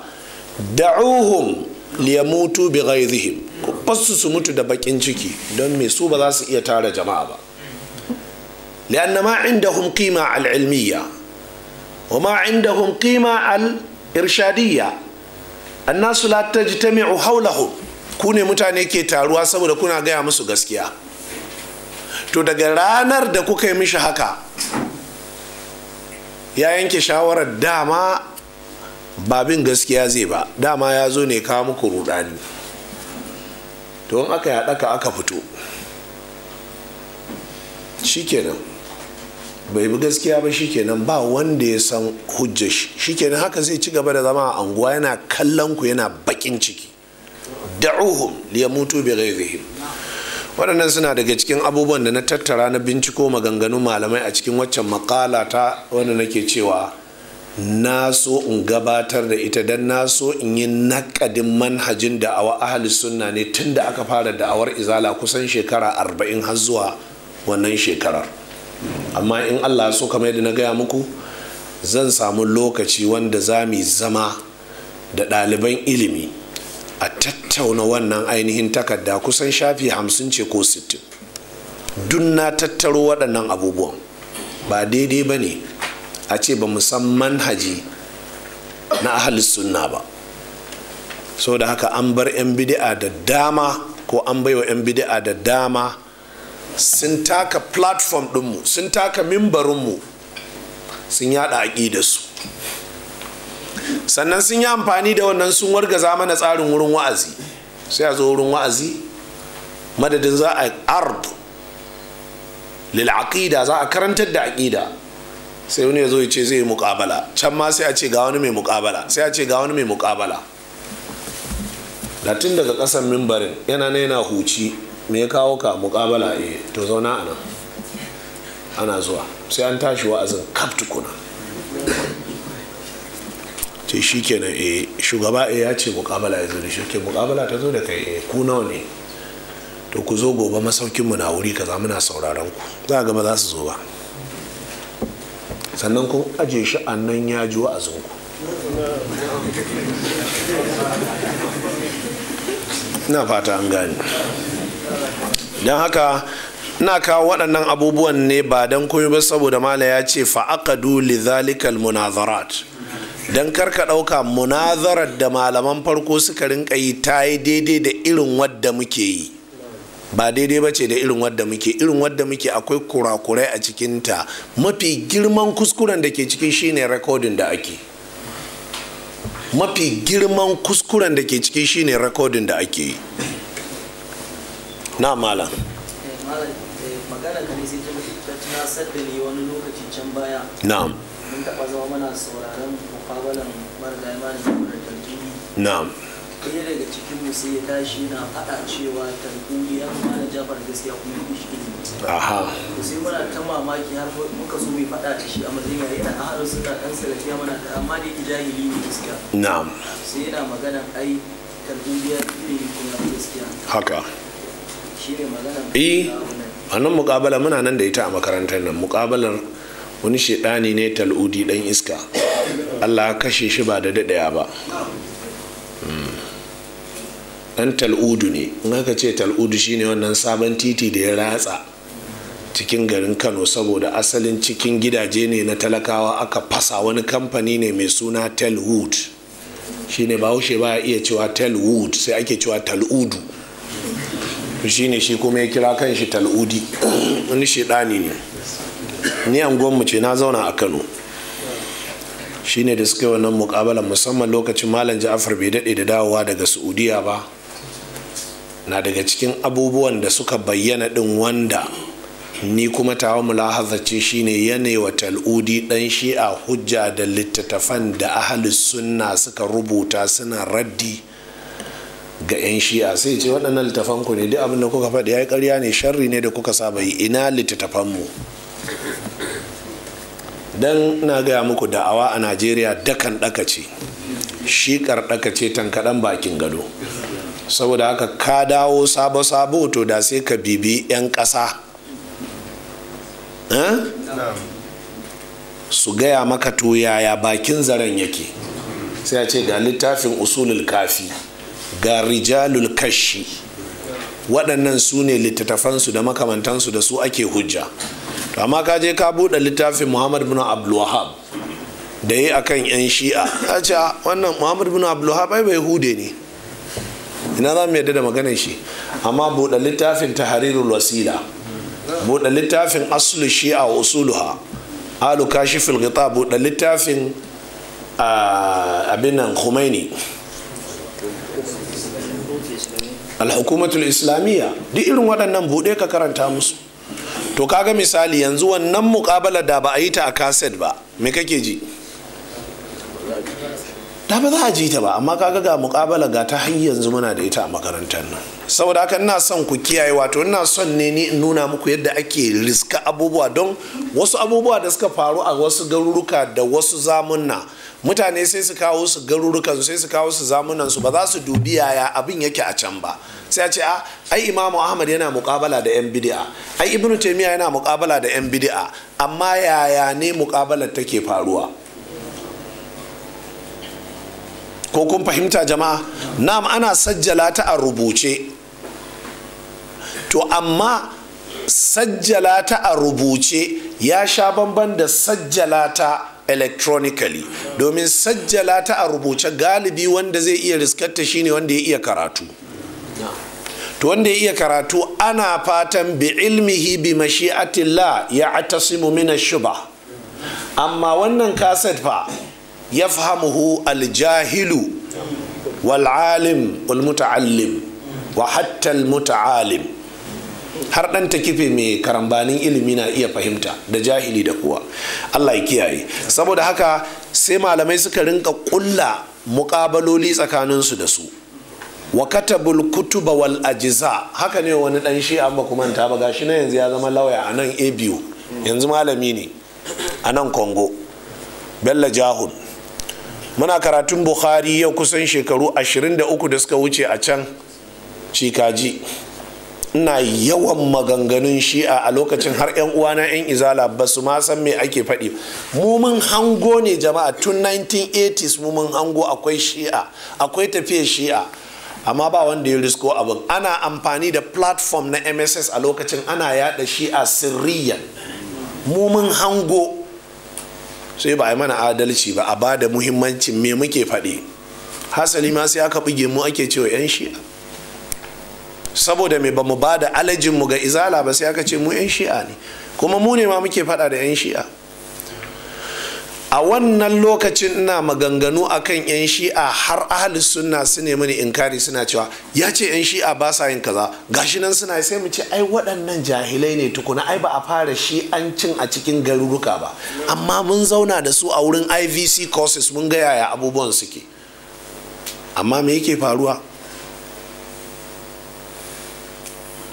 da'uhum liyamutu bi ghaizihim ku basu su mutu da bakin ciki don me su ba za su iya tara jama'a ba lianna ma indahum qima al ilmiya wa ma indahum qima al irshadiyya annasu la tajtami'u hawlahum ku ne mutane ke taruwa saboda kuna gaya musu gaskiya to daga ranar da kuka yi mishi haka ya yanke shawarar dama babin gaskiya zai ba dama ya zo ne kawo muku rudani to in aka yaɗa ka aka fito shikenan bai bi gaskiya ba shikenan ba wanda ya san hujjar shi shikenan haka zai ci gaba da zama a anguwa yana kallon ku yana bakin ciki da'uhum bai bi ghairihim waɗannan suna daga cikin abubuwan da na tattara na binciko maganganu malamai a cikin waccan makala ta wanda nake cewa na so in gabatar da ita don na so in yi naƙadin manhajin da'awa ahli sunna ne tun da aka fara da'awar izala kusan shekara arba'in har zuwa wannan shekarar amma in allah so kamar yadda na gaya muku zan samu lokaci wanda za mu zama da ɗaliban ilimi a tattauna wannan ainihin takarda kusan shafi hamsin ce ko sittin duk na tattaro waɗannan abubuwan ba daidai ba ne a ce ba musamman haji na ahal sunna ba so da haka an bar 'yan bidi'a da dama ko an baiwa 'yan bidi'a da dama sun taka platform dinmu sun taka mimbarinmu sun yada da su. sannan sun yi amfani da wannan sun wargaza mana tsarin wurin wa'azi sai a zo wurin wa'azi madadin za a ard lil aqida za a karantar da aqida sai wani ya zo ya ce zai yi muƙabala can ma sai a ce ga wani mai muƙabala sai a ce ga wani mai muƙabala latin daga ƙasan mimbarin yana na yana huci me ya kawo ka muƙabala eh to zauna a nan ana zuwa sai an tashi wa'azin kaf tukuna ce shi kenan eh shugaba eh ya ce mukamala ya zo da shi ke mukamala ta zo da kai eh ku nawa ne to ku zo gobe masaukinmu na wuri kaza muna sauraron ku za ga ba za su zo ba sannan kun aje shi a nan ya ji ku na fata an gani don haka na kawo waɗannan abubuwan ne ba don koyo ba saboda mala ya ce fa'aqadu li munazarat don karka ɗauka munazarar da malaman farko suka rinka yi ta yi daidai da irin wadda muke yi ba daidai ba ce da irin wadda muke irin wadda muke akwai kurakurai a cikinta mafi girman kuskuren da ke cikin shine rekodin da ake mafi girman kuskuren da ke cikin shine rekodin da ake yi na malam eh, eh, na'am malam na'am ɗaya daga cikin mu sai ya tashi na faɗa cewa ya gaskiya kuma ya shi aha to sai muna ta mamaki har muka so mai faɗa da shi a matsayin da suna ɗan salafiya mana amma jahili ne gaskiya na'am sai yana magana ai kuma gaskiya haka magana eh a nan muƙabala muna nan da ita a makarantar nan muƙabalar wani shaidani ne tal'udi dan iska allah kashe shi ba da daɗaya ba hmm. dan tal'udu ne in aka ce tal'udu shine wannan sabon titi da ya ratsa cikin garin kano saboda asalin cikin gidaje ne na talakawa aka fasa wani kamfani ne mai suna telwood shine bahaushe ba iya cewa telwood sai ake cewa tal'udu shine shi kuma ya kira kan shi tal'udi wani shaidani ne ni anguwanmu ce na zauna a kano shine da suka yi wannan mukabalan musamman lokacin malam ja'afar bai daɗe da dawowa daga saudiya ba na daga cikin abubuwan da suka bayyana ɗin wanda ni kuma tawa mulahazace shine yanewa tal'udi ɗan shi'a hujja da littattafan da ahalus sunna suka rubuta suna raddi ga 'yan shi'a sai ce waɗannan littattafan ku ne duk abin da kuka faɗi ya yi ƙarya ne sharri ne da kuka saba yi ina littattafan mu don na gaya muku da'awa a najeriya dakan ɗaka ce shikar daka ce tankaɗan bakin gado saboda haka ka dawo sabo-sabo to da sai ka bibi 'yan ƙasa hm? su gaya maka to yaya bakin zaren yake sai a ce ga littafin usulul kafi ga rijalul kashi waɗannan su ne littattafansu da makamantansu da su ake hujja amma ka je ka buɗe littafin muhammad bin abdulwahab da yi a kan 'yan shi'a a ce ah, wannan muhammad bin abdulwahab ai bai hude ne ina za mu yadda da maganar shi amma buɗe littafin tahrirul wasila buɗe littafin aslu shi'a wa usuluha alu kashifil filgita buɗe littafin ah, abin nan khumaini al-hukumatul islamiyya duk irin waɗannan buɗe ka karanta musu to kaga misali yanzu wannan mukabala da ba a yi ta a kaset ba me kake ji da ba za a ji ta ba amma kaga ga mukabala ga ta hanyar yanzu muna da ita a makarantar nan saboda haka ina son ku kiyaye wato ina son ne ni in nuna muku yadda ake riska abubuwa don wasu abubuwa da suka faru a wasu garuruka da wasu zamunna mutane sai su kawo su garurukan sai su kawo su zamunan su ba za su dubi yaya abin yake a can ba sai a ce a ah, ai imamu ahmad yana mukabala da yan bid'a ai ibnu taymiya yana mukabala da yan bid'a amma yaya ne mukabalar take faruwa ko kun fahimta jama'a nam ana sajjala ta a rubuce to amma sajjala ta a rubuce ya sha bamban da sajjala ta electronically domin sajjala ta a rubuce galibi wanda zai iya riskarta shine wanda ya iya karatu to wanda ya iya karatu ana fatan bi ilmihi bi mashi'atillah ya atasimu min shuba amma wannan kaset fa ya fahamuhu aljahilu wal'alim wal muta'allim wa hatta al muta'allim har ɗan ta kife mai karambanin ilimi na iya fahimta da jahili da kuwa allah ya kiyaye saboda haka sai malamai suka rinka ƙulla muƙabaloli tsakaninsu da su wa katabul kutuba wal ajiza haka ne wani dan shi an baku manta ba gashi na yanzu ya zama lauya a nan abu yanzu malami ne a nan congo bello jahun muna karatun bukhari yau kusan shekaru 23 da suka wuce a can cikaji ina yawan maganganun shi'a a lokacin har 'yan uwana 'yan izala ba su ma san me ake faɗi mu mun hango ne jama'a tun 1980s mu mun hango akwai shi'a akwai tafiyar shi'a amma ba wanda ya risko abin ana amfani da platform na mss a lokacin ana yada shi'a sirriyan mu hango sai ba a yi mana adalci ba a ba da muhimmancin me muke faɗi hasali ma sai aka buge mu ake cewa 'yan shi'a saboda mai ba mu ba da alajinmu ga izala ba sai aka ce mu 'yan shi'a ne kuma mu ne ma muke faɗa da 'yan shi'a a wannan lokacin ina maganganu akan 'yan shi'a har ahalis sunna su ne mini inkari suna cewa ya ce 'yan shi'a ba sa yin kaza gashi nan suna sai mu ce ai waɗannan jahilai ne tukuna ai ba a fara shi'ancin a cikin garuruka ba amma mun zauna da su a wurin ivc courses mun ga yaya abubuwan suke amma me yake faruwa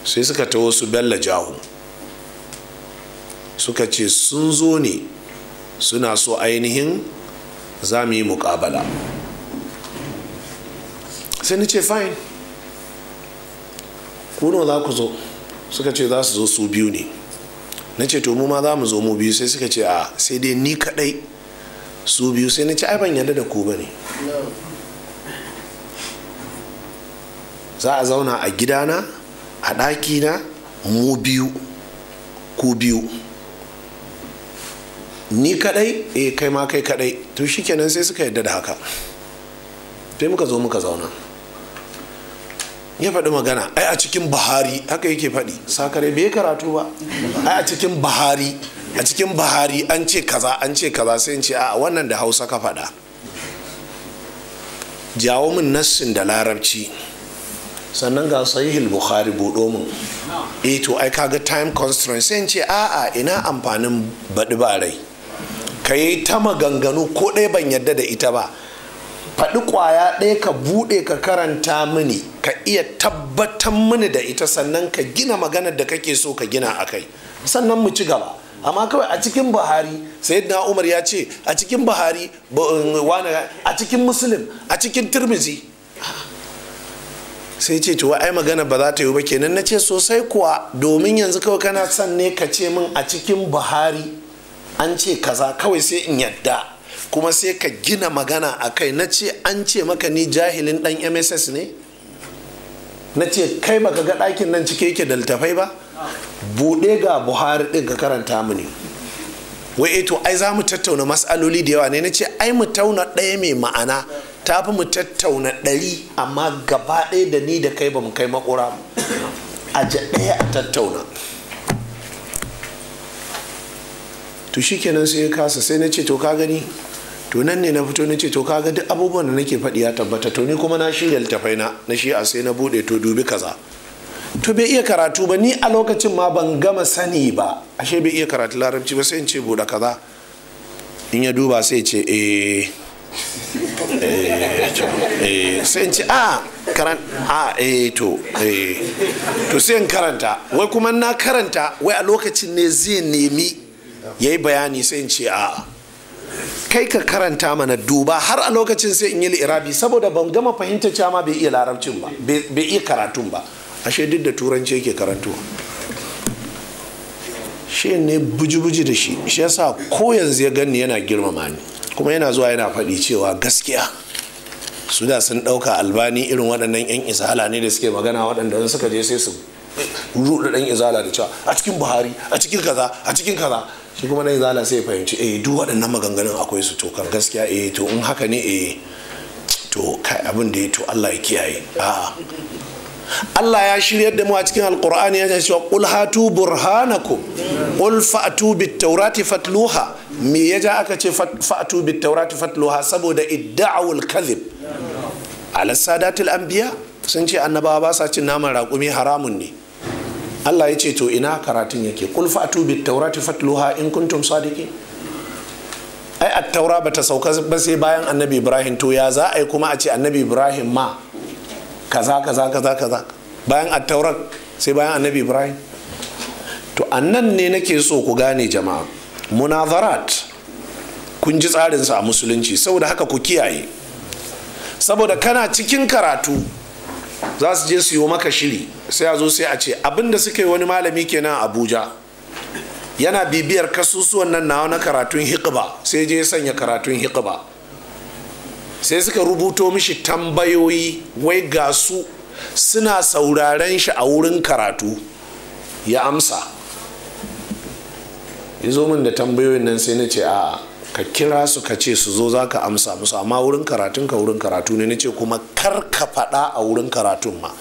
sai suka ta wasu bella jahu suka ce sun zo ne suna so ainihin za mu yi mukabala sai ni ce fine kuno za ku zo suka ce za su zo su biyu ne na ce to mu ma za mu zo mu biyu sai suka ce a sai dai ni kadai su biyu sai na ce ai ban yadda da ku ba ne za a zauna a gidana a ɗakina mu biyu ku biyu ni kadai e eh, kai ma kai kadai to shikenan sai suka yadda da haka sai muka zo muka zauna ya faɗi magana ai a cikin bahari haka yake faɗi sakare bai karatu ba ai a cikin bahari a cikin bahari an ce kaza an ce kaza sai in ce a wannan da hausa ka faɗa jawo min nassin da larabci sannan ga sahihul bukhari buɗo mun eh to ai kaga time constraint sai ce a'a ina amfanin baɗi barai rai ta maganganu ko ɗaya ban yadda da ita ba faɗi ƙwaya ɗaya ka buɗe ka karanta mini ka iya tabbatar mini da ita sannan ka gina maganar da kake so ka gina a kai sannan mu ci gaba amma kawai a cikin buhari sai sayyidina umar ya ce a cikin buhari um, a cikin muslim a cikin turmizi sai ce to ai magana ba za ta yi ba kenan na ce sosai kuwa domin yanzu kawai kana son ne ka ce min a cikin buhari an ce kaza kawai sai in yadda kuma sai ka gina magana a kai na ce an ce maka ni jahilin dan mss ne na ce kai baka ga ɗakin nan cike yake da littafai ba buɗe ga buhari ɗin ka karanta mini wai eh to ai za mu tattauna matsaloli da yawa ne na ce ai mu tauna ɗaya mai ma'ana ta fi mu tattauna ɗari amma gaba ɗaya da ni da kai ba mu kai makura a ja ɗaya a tattauna to shi kenan sai ya kasa sai na ce to ka gani to nan ne na fito na ce to kaga duk abubuwan da nake faɗi ya tabbata to ni kuma na shirya littafai na na shi a sai na buɗe to dubi kaza to bai iya karatu ba ni a lokacin ma ban gama sani ba ashe bai iya karatu larabci ba sai in ce buɗe kaza in ya duba sai ce eh Eh, eh, eh, sai in ce a ah, karanta a ah, to to sai karanta wai kuma na karanta wai a lokacin ne zai nemi ya yi bayani sai ce a ah, kai ka karanta mana duba har a lokacin sai in yi li'irabi saboda ban gama fahimta cewa ma bai iya larabcin ba bai iya karatun ba ashe duk da turanci yake karantu shi ne buji-buji da shi shi yasa ko yanzu ya gani yana girmama ni kuma yana zuwa yana faɗi cewa gaskiya su da sun ɗauka albani irin waɗannan 'yan izala ne da suke magana waɗanda suka je sai su rudu ɗan izala da cewa a cikin buhari a cikin kaza a cikin kaza shi kuma na izala sai fahimci eh duk waɗannan maganganun akwai su to kan gaskiya eh to in haka ne eh to kai abin da ya to Allah ya kiyaye a'a Allah ya shiryar da mu a cikin alkur'ani ya ce qul hatu burhanaku qul fa'tu bit taurati fatluha me yaja aka ce fa'tu bit taurati fatluha saboda idda'ul kadhib ala sadatil anbiya sun ce annabawa ba sa cin naman raƙumi haramun ne Allah ya ce to ina karatun yake qul fa'tu bit taurati fatluha in kuntum sadiqin ai at-taura bata sauka ba sai bayan annabi Ibrahim to ya za a yi kuma a ce annabi Ibrahim ma kaza kaza kaza kaza bayan attaurar sai bayan annabi ibrahim to annan ne nake so ku gane jama'a munazarat kun ji tsarinsa a musulunci saboda haka ku kiyaye saboda kana cikin karatu za su je su yi maka shiri sai a zo sai a ce abinda suka yi wani malami kenan a abuja yana bibiyar kasusuwan nan nawa na karatun hikba sai je sanya karatun hikba sai suka rubuto mishi tambayoyi wai ga su suna sauraren shi a wurin karatu ya amsa ya zo min da tambayoyin nan sai na ce a ka kira su ka ce su zo za ka amsa musu amma wurin karatun ka wurin karatu ne na ce kuma kar ka faɗa a wurin karatun ma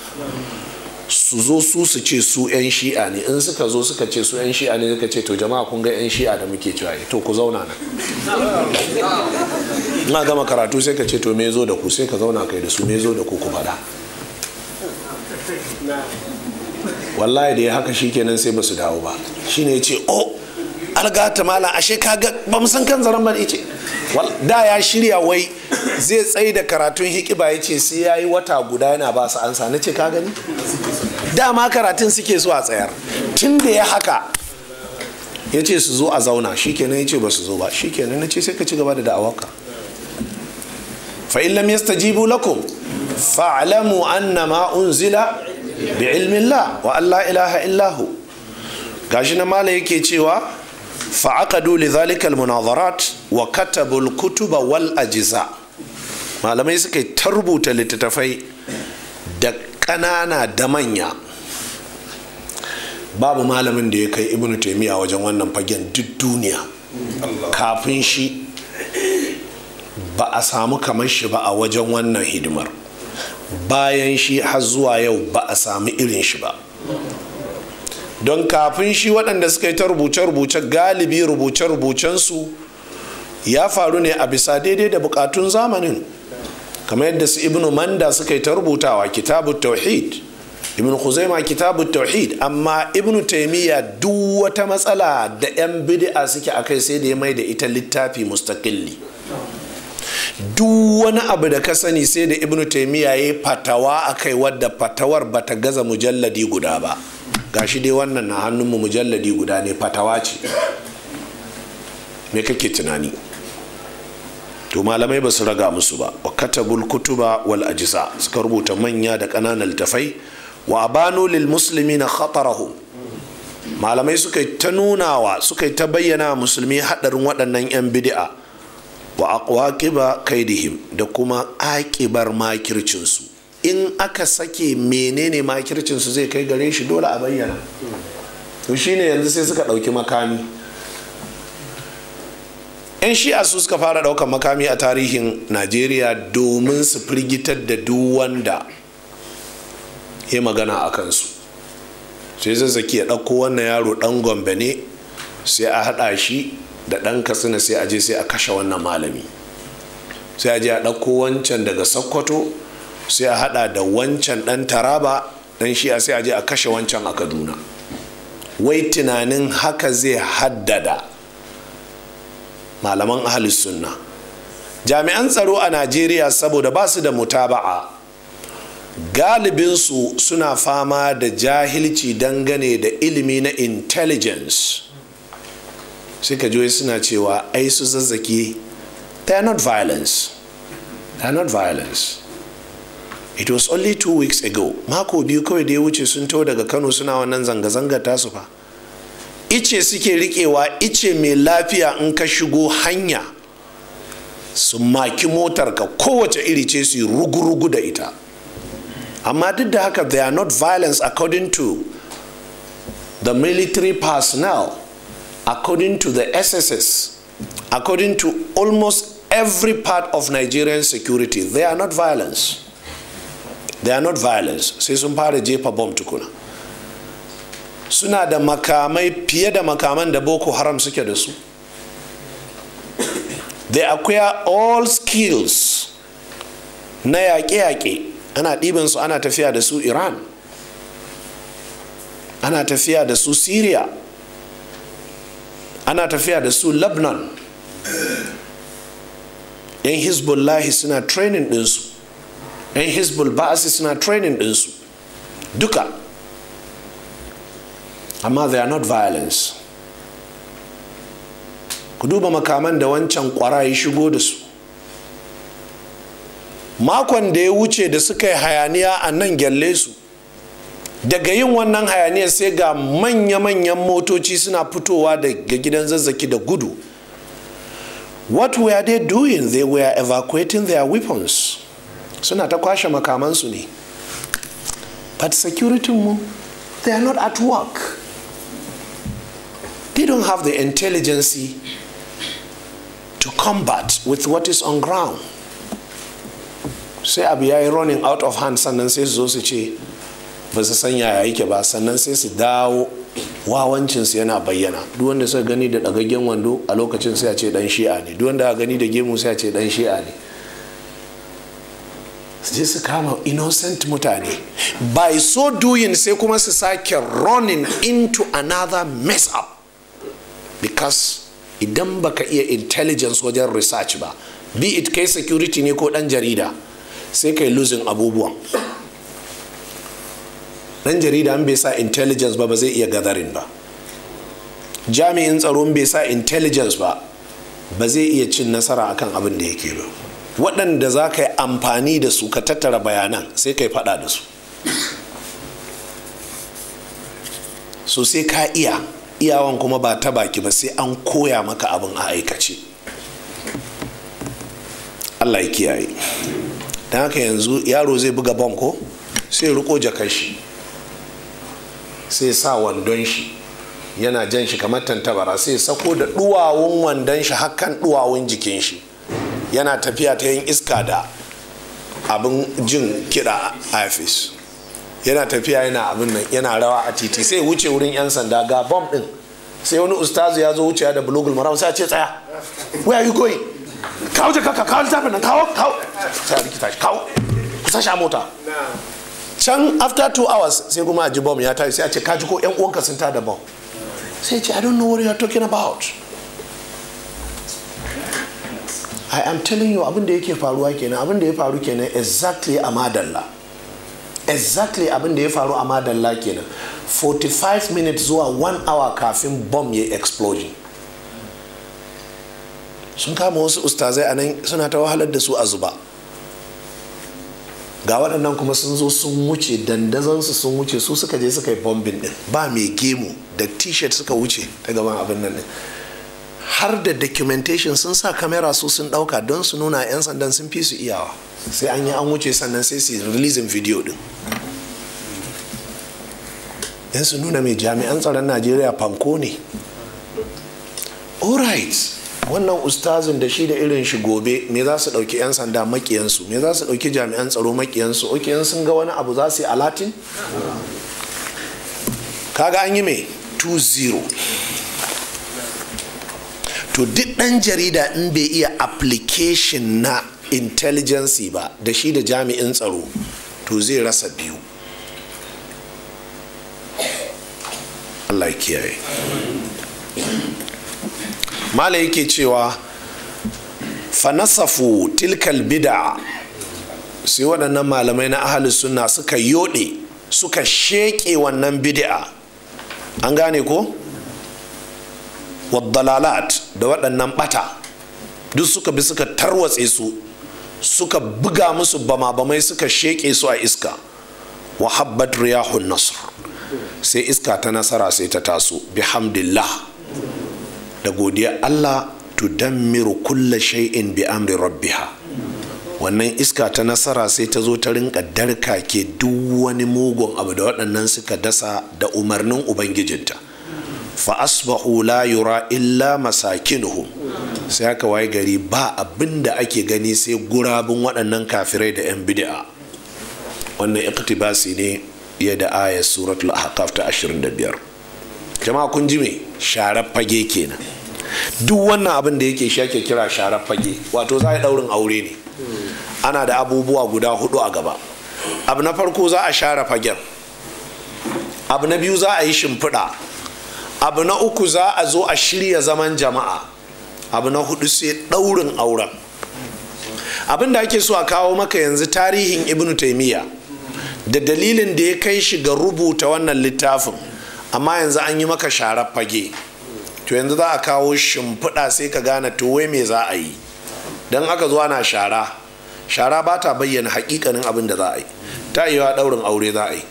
su zo su su ce su 'yan shi'a ne in suka zo suka ce su 'yan shi'a ne suka ce to jama'a kun ga 'yan shi'a da muke cewa eh, to ku zauna na. na gama karatu sai ka ce to me zo da ku sai ka zauna kai da su me zo da ku ku faɗa wallahi da ya haka shi kenan sai ba su dawo ba shine ya ce oh algata mala ashe ka ga ba mu san kan zaren ba ce da ya shirya wai zai tsaye da karatun hikiba ya ce sai ya yi wata guda yana ba su ansa na ce ka gani dama karatun suke so a tsayar tun da ya haka ya ce su zo a zauna shikenan ya ce ba su zo ba shikenan na ce sai ka ci gaba da da'awarka fa in lam yastajibu lakum fa'lamu anna ma unzila bi ilmillah wa alla ilaha illahu gashi na mala yake cewa fa'aqadu lidhalika almunazarat wa katabu alkutuba wal ajza malamai suka yi ta littattafai da ƙanana da manya babu malamin da ya kai Ibn taimiyya wajen wannan fagen duk duniya kafin shi ba a samu kamar shi ba a wajen wannan hidimar bayan shi har zuwa yau ba a samu irin shi ba don kafin shi waɗanda suka yi ta rubuce-rubuce galibi rubuce-rubucensu ya faru ne a bisa daidai da bukatun zamanin kamar yadda su ibnu manda suka yi ta rubutawa kitabu tauhid ibnu khuzaima kitabu tauhid amma ibnu taimiyya duk wata matsala da 'yan bid'a suke a kai sai da ya mai da ita littafi mustaqilli duk wani abu da ka sani sai da ibnu taimiyya ya yi fatawa a kai wadda fatawar bata gaza mujalladi guda ba Ga shi dai wannan na hannun mu mujalladi guda ne fatawa ce me kake tunani to malamai ba su raga musu ba wa katabul kutuba wal ajisa suka rubuta manya da ƙananan tafai. wa abanu lil muslimi na khatarahu malamai suka yi ta nunawa suka yi ta bayyana musulmi haɗarin waɗannan 'yan bidi'a wa aqwaqiba kaidihim da kuma aƙibar makircinsu in aka sake menene su zai kai gare shi dole a bayyana to shine yanzu sai suka ɗauki makami yan shi'a su suka fara ɗaukar makami a tarihin najeriya domin su firgitar da duk wanda ya magana a kansu sai zazzaki ya ɗauko wannan yaro ɗan gombe ne sai a haɗa shi da ɗan katsina sai a je sai a kashe wannan malami sai a je a ɗauko wancan daga sokoto sai a hada da wancan dan taraba dan shi'a sai a je a kashe wancan a kaduna wai tunanin haka zai haddada malaman ahalus sunna jami'an tsaro a najeriya saboda ba su da mutaba'a galibinsu suna fama da jahilci dangane da ilimi na intelligence ka ji suna cewa ai su zazzaki they are not violence they are not violence it was only two weeks ago mako biyu kawai da ya wuce sun taho daga kano suna wannan zanga-zanga su fa ice suke rikewa ice mai lafiya in ka shigo hanya su maki motar ka kowace iri ce su yi rugu-rugu da ita amma duk da haka they are not violence according to the military personnel according to the sss according to almost every part of nigerian security they are not violence they are not violence sai sun fara jefa bomb tukuna suna da makamai fiye da makaman da boko haram suke da su they acquire all skills na yaƙe-yaƙe ana ɗiban su ana tafiya da su iran ana tafiya da su syria ana tafiya da su lebanon yan hezbollah suna training ɗinsu 'yan hezbol ba'asi suna training ɗinsu duka amma they are not violence ku duba makaman da wancan kwara ya shigo da su makon da ya wuce da suka yi hayaniya a nan gyalle su daga yin wannan hayaniya sai ga manya-manyan motoci suna fitowa daga gidan zazzaki da gudu what were they doing they were evacuating their weapons suna ta kwashe makamansu ne but security mu they are not at work they don't have the intelligence to combat with what is on ground sai abu ya yi running out of hand sannan sai su zo su ce ba su san yaya yake ba sannan sai su dawo wawancinsu yana bayyana duk wanda suka gani da ɗagaggen wando a lokacin sai a ce dan shi'a ne duk wanda gani da gemu sai a ce dan shi'a ne je su kama innocent mutane by so doing sai kuma su sake running into another mess up because idan baka iya intelligence wajen research ba be it kai security ne ko dan jarida sai kai losing abubuwan dan jarida an bai sa intelligence ba ba zai iya gathering ba jami'in tsaro bai sa intelligence ba ba zai iya cin nasara akan abin da yake ba waɗanda za ka yi amfani da su ka tattara bayanan sai ka yi faɗa da su so sai ka iya iyawan kuma ba ta baki ba sai an koya maka abin a aikace allah ya kiyaye don haka yanzu yaro zai buga banko sai riko jakar shi sai sa wandon shi yana jan shi kamar tantabara sai sako da duwawun wandon shi hakan duwawun jikin shi yana tafiya ta yin iska da abin jin kiɗa a afis yana tafiya yana abin nan yana rawa a titi sai wuce wurin 'yan sanda ga bom ɗin sai wani ustazu ya zo wucewa da blogul maram sai a ce tsaya where are you going kawo je kaka kawo littafin nan kawo kawo sai a tashi kawo kusa sha mota can after two hours sai kuma a ji bom ya tashi sai a ce kaji ko 'yan uwanka sun tada bom sai ce i don't know what you are talking about i am telling you abin da yake faruwa kenan abin da ya faru kenan exactly a madalla exactly abin da ya faru a madalla kenan 45 minutes zuwa 1 hour kafin bomb ya explosion sun kama wasu ustazai a nan suna ta wahalar da su a zuba ga waɗannan kuma sun zo sun wuce dandazansu sun wuce su suka je suka yi bombin din ba mai gemu da t-shirt suka wuce ta gaban abin nan din har da documentation sun sa kamera su sun dauka don su nuna 'yan sandan sun fi su iyawa sai an yi an wuce sannan sai su releasing video din Yan su nuna mai jami'an tsaron najeriya fanko ne alright wannan ustazin da shi da irin shi gobe me za su dauki 'yan sanda makiyansu me za su dauki jami'an tsaro makiyansu ok sun ga wani abu za su yi alatin kaga an yi mai 2-0 to duk ɗan jarida in bai iya application na intelligence ba da shi da jami'in tsaro to zai rasa biyu Allah ya kiyaye mala yake cewa fanasafu tilkal bida sai waɗannan malamai na ahli suna suka yoɗe suka sheƙe wannan bid'a an gane ko waddalalat da waɗannan ɓata duk suka bi suka tarwatse su suka buga musu bama-bamai suka sheƙe su a iska wa habbat riyahun nasr sai iska ta nasara sai ta taso bihamdillah da godiya Allah to tudammiru kulla shay'in bi amri rabbiha wannan iska ta nasara sai ta zo ta rinka darka ke duk wani mugun abu da waɗannan suka dasa da umarnin ubangijinta fa asbahu la yura illa masakinuhu sai aka waye gari ba abin da ake gani sai gurabin waɗannan kafirai da 'yan bid'a wannan iktibasi ne ya da aya suratul ahqaf ta 25 jama'a kun ji me sharar fage kenan duk wannan abin da yake shake kira sharar fage wato za a daurin aure ne ana da abubuwa guda hudu a gaba abu na farko za a share fagen abu na biyu za a yi shimfiɗa abu na uku za a zo a shirya zaman jama'a abu na hudu sai ɗaurin auren abin da ake so a kawo maka yanzu tarihin ibnu taimiyya da dalilin da ya kai shi ga rubuta wannan littafin amma yanzu an yi maka sharar fage to yanzu za a kawo shimfiɗa sai ka gane tuwe me za a yi don aka zuwa na shara shara ba ta bayyana hakikanin abin da za a yi ta iya ɗaurin aure za a yi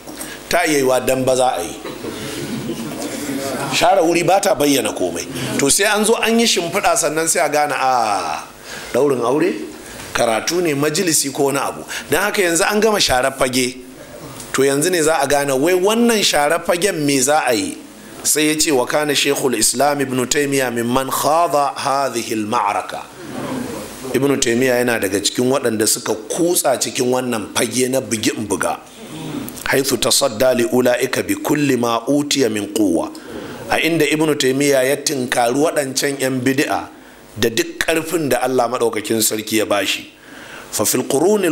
ta iya wa damba za a yi share wuri ba ta bayyana komai to sai an zo an yi shimfiɗa sannan sai a gane a ah, ɗaurin aure karatu ne majalisi ko wani abu don haka yanzu an gama sharar fage to yanzu ne za a gane wai wannan sharar fagen me za a yi sai ya ce wa kana shekul islam ibn taimiya man khada hadhihi ma'araka ibn taimiya yana daga cikin waɗanda suka kutsa cikin wannan fage na bugi buga haithu tasadda li ula'ika bi kulli ma utiya min quwwa a inda Ibn taimiyya ya tinkari waɗancan 'yan bid'a da duk ƙarfin da allah maɗaukakin sarki ya bashi fa fil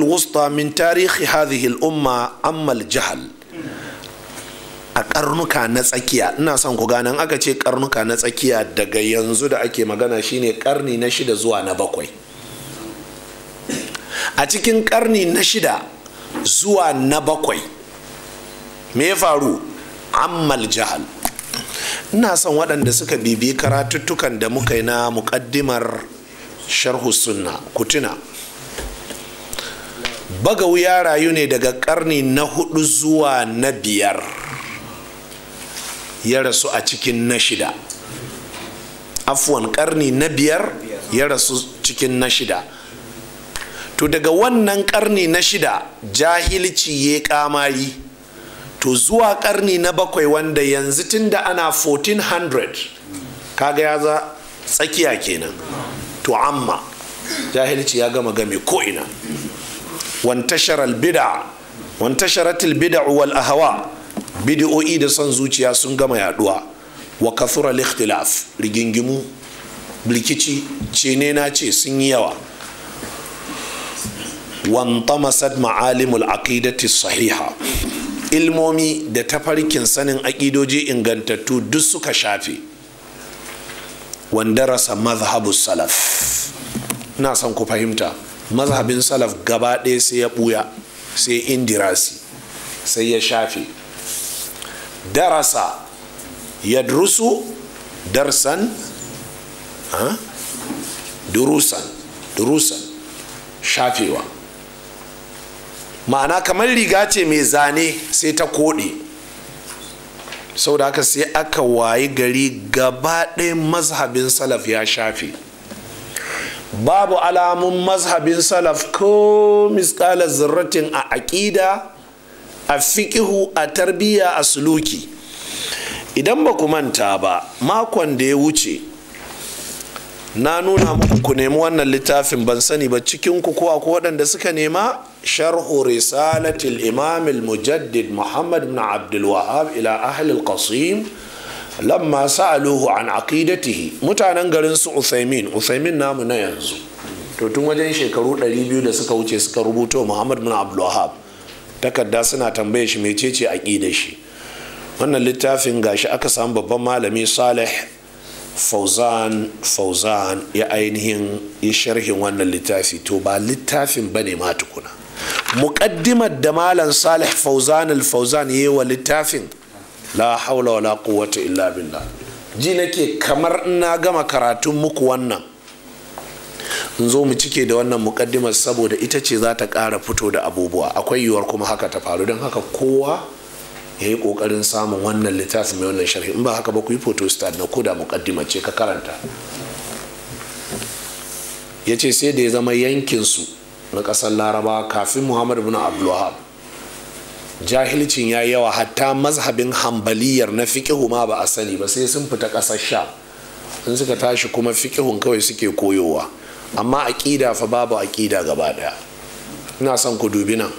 wusta min tarihi hadhihi umma ammal jahal a karnuka na tsakiya ina son ku ganan aka ce karnuka na tsakiya daga yanzu da ake magana shine karni na shida zuwa na bakwai a cikin karni na shida zuwa na bakwai me ya faru ammal jahal ina son waɗanda suka bibi karatuttukan da muka yi na muƙaddimar sharhu sunna kutuna bagawu ya rayu ne daga ƙarni na hudu zuwa na biyar ya rasu a cikin na shida afwan ƙarni na biyar ya rasu cikin na shida to daga wannan ƙarni na shida jahilci ya kamari to zuwa karni na bakwai wanda yanzu tun da ana 1400 kaga ya za tsakiya kenan to amma jahilci ya gama game ko'ina wantashar bida wantasharatil bida wal ahawa bidi'o'i da son zuciya sun gama yaduwa wa kafura ikhtilaf rigingimu bilkici ce ne na ce sun yi yawa wantamasat ma'alimul aqidati sahiha ilmomi da tafarkin sanin aƙidoji ingantattu duk suka shafe rasa mazhabu salaf na son ku fahimta mazhabin salaf gaba ɗaya sai ya ɓuya sai indirasi sai ya shafe darasa ya durusu darsan durusan durusan shafewa ma'ana kamar riga ce mai zane sai ta koɗe da haka sai aka wayi gari gaba ɗaya mazhabin salaf ya shafe babu alamun mazhabin salaf ko miskala zirratin a aƙida a fiƙihu a tarbiyya a suluki idan ba ku manta ba makon da ya wuce na nuna muku ku nemi wannan littafin ban sani ba cikin ku ko waɗanda suka nema شرح رسالة Imamil Mujaddid Muhammad بن عبد ila إلى أهل القصيم لما سألوه عن عقيدته متانا غرين سو عثيمين namu na yanzu. to tun wajen shekaru ɗari biyu da suka wuce suka rubuto Muhammad bin Abdul takarda suna tambaye shi mecece aqida shi wannan littafin gashi aka samu babban malami Salih Fauzan Fauzan ya ainihin ya sharhin wannan littafi to ba littafin bane ma tukuna muƙaddimar da malam salih fauzan al-fauzan ya yi wa littafin la haula wala quwwata illa billah ji nake kamar na gama karatun muku wannan in zo mu cike da wannan muƙaddimar saboda ita ce za ta ƙara fito da abubuwa akwai yiwuwar kuma haka ta faru don haka kowa ya yi ƙoƙarin samun wannan littafin mai wannan sharhi in ba haka ba ku yi photo start na koda muƙaddimar ce ka karanta ya ce sai da ya zama yankinsu na ƙasar laraba kafin muhammad bin abdulwahab jahilcin ya yawa hatta mazhabin hambaliyar na fiƙihu ma ba a sani ba sai sun fita ƙasar sha in suka tashi kuma fiƙihun kawai suke koyowa amma aƙida fa babu aƙida gaba ɗaya ina son ku dubi nan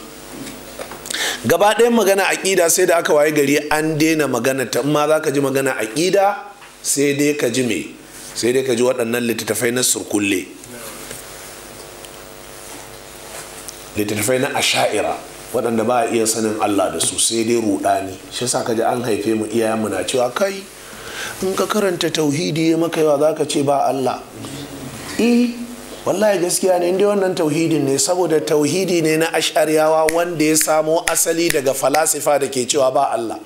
gaba magana aƙida sai da aka waye gari an daina magana ta ma za ka ji magana aƙida sai dai ka ji me sai dai ka ji waɗannan littattafai na surkulle littattafai na asha'ira waɗanda ba a iya sanin Allah da su sai dai ruɗani shi sa ka ji an haife mu mu na cewa kai in ka karanta tauhidi ya maka yawa zaka ce ba Allah E, wallahi gaskiya ne inda wannan tauhidin ne saboda tauhidi ne na ash'ariyawa wanda ya samo asali daga falasifa da ke cewa ba Allah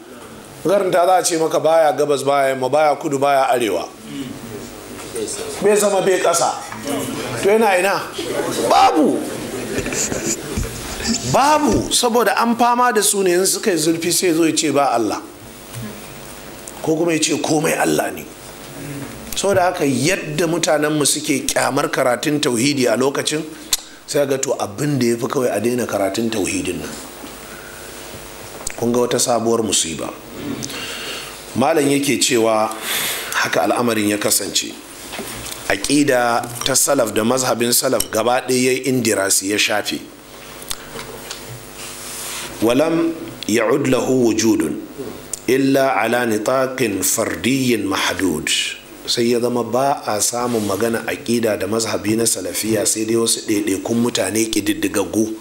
garanta za a ce maka baya gabas baya yamma baya kudu baya arewa bai zama bai kasa. to yana ina babu babu saboda an fama da su ne yanzu suka yi zulfi sai zo ya ce ba Allah ko kuma ya ce komai Allah ne saboda haka yadda mutanenmu suke kyamar karatun tauhidi a lokacin sai ga to abin da ya fi kawai a daina karatun tauhidin nan kun ga wata sabuwar musiba malam yake cewa haka al'amarin ya kasance aƙida ta salaf da mazhabin salaf gaba ɗaya indirasi ya shafe walam ya lahu wujudun illa ala nitaqin fardiyin mahdud sai ya zama ba a samun magana aƙida da mazhabi na salafiya sai dai wasu ɗaiɗaikun mutane ƙididdigaggu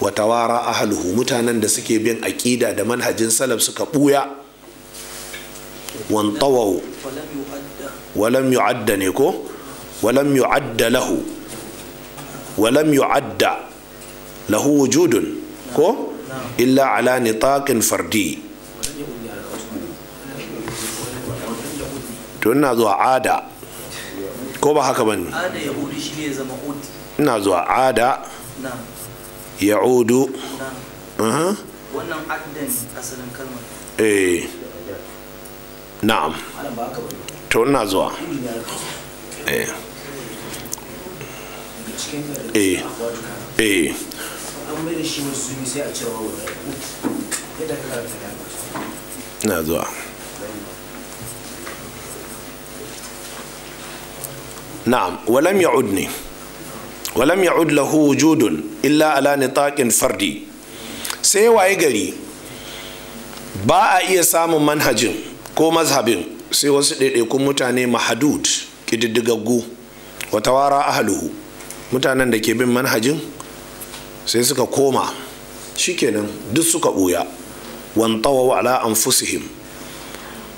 wara a ahaluhu mutanen da suke bin aƙida da manhajin salaf suka ɓuya wantawau walam yu'adda ne ko walam yu'adda lahu walam yu'adda lahu wujudun ko illa ala nitaqin fardi to ina zuwa ada ko ba haka bane ina zuwa ada ya'udu wannan addan eh. na'am to ina zuwa eh. eh. eh. na zuwa na'am walam ya'ud ne walam ya'ud lahu wujudun illa ala nitaqin fardi sai waye gari ba a iya samun manhajin ko mazhabin sai wasu ɗaiɗaikun mutane mahadud ƙididdigaggu wata wara ahaluhu mutanen da ke bin manhajin sai suka koma shi shikenan duk suka ɓuya wantawa ala anfusihim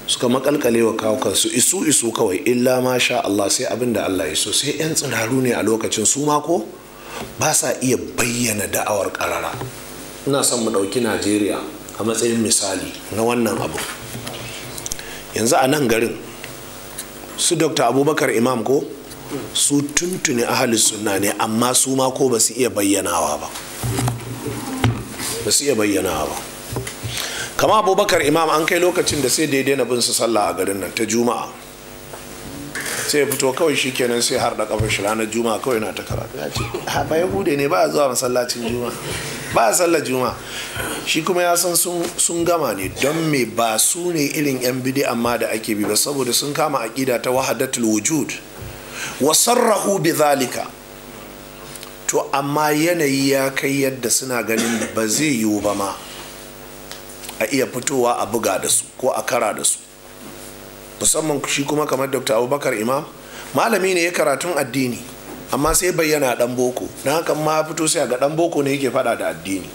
suka makalkale wa kawo kansu isu isu kawai illa ma sha Allah sai abin da Allah ya so sai yan tsiraru ne a lokacin su ma ko ba sa iya bayyana da'awar karara ina son mu ɗauki Najeriya a matsayin misali na wannan abu yanzu a nan garin su dr abubakar imam ko su tuntuni ahalin sunna ne amma su ma ko ba su iya bayyanawa ba ba su iya bayyanawa ba kama abubakar imam an kai lokacin da sai daidai na bin su sallah a garin nan ta juma'a sai ya fito kawai shi kenan sai har da kafin shi ranar juma'a kawai na ta karatu ya ce ba ya bude ne ba a zuwa masallacin juma'a ba a sallar juma'a shi kuma ya san sun gama ne don me ba su ne irin yan bidi amma da ake bi ba saboda sun kama aƙida ta wahadatul wujud wa sarrahu bi zalika to amma yanayi ya kai yadda suna ganin ba zai yiwu ba ma a iya fitowa a buga da su ko a kara da su musamman shi kuma kamar dr abubakar imam malami ne ya karatun addini amma sai bayyana dan boko na hakan ma fito sai ga dan boko ne yake fada da addini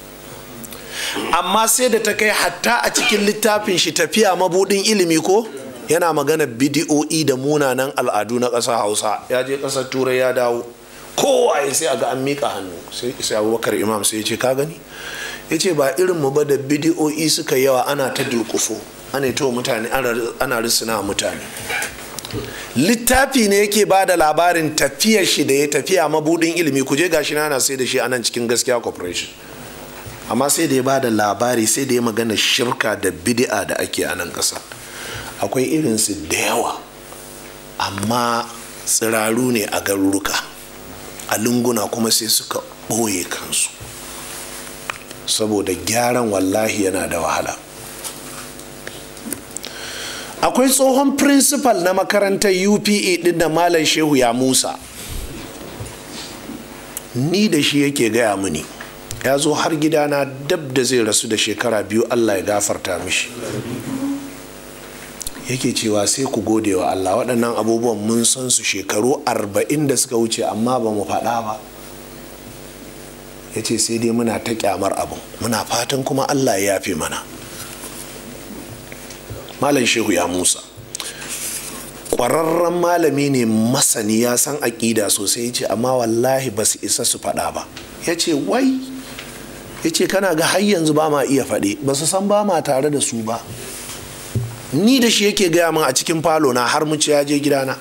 amma sai da ta kai hatta a cikin littafin shi tafiya mabudin ilimi ko yana magana bidi'o'i da munanan al'adu na ƙasar hausa ya je ƙasar turai ya dawo kowa sai a ga an miƙa hannu sai isa abubakar imam sai ya ce ka gani ya ce ba irin mu ba da bidi'o'i suka yawa ana ta durƙufo ana yi mutane ana a mutane littafi ne yake ba da labarin tafiyar shi da ya tafiya mabudin ilimi kuje gashi na sai da shi anan cikin gaskiya corporation amma sai da ya ba da labari sai da ya magana shirka da bidi'a da ake a nan ƙasa akwai irinsu da yawa amma tsiraru ne a garuruka a lunguna kuma sai suka ɓoye kansu saboda gyaran wallahi yana da wahala akwai tsohon principal na makarantar upa e din da malam shehu ya musa ni da shi yake gaya muni. ya zo har gidana dab da zai rasu da shekara biyu allah ya gafarta mishi yake cewa sai ku gode wa allah waɗannan abubuwan mun san su shekaru arba'in da suka wuce amma ba mu faɗa ba ya ce sai dai muna ta kyamar abu muna fatan kuma allah ya yafe mana malam shehu ya musa ƙwararren malami ne masani ya san aƙida sosai ya ce amma wallahi ba su isa su faɗa ba ya ce wai ya ce kana ga har yanzu ba ma iya faɗe ba su san ba ma tare da su ba ni da shi yake gaya min a cikin falo na har muci ya je gidana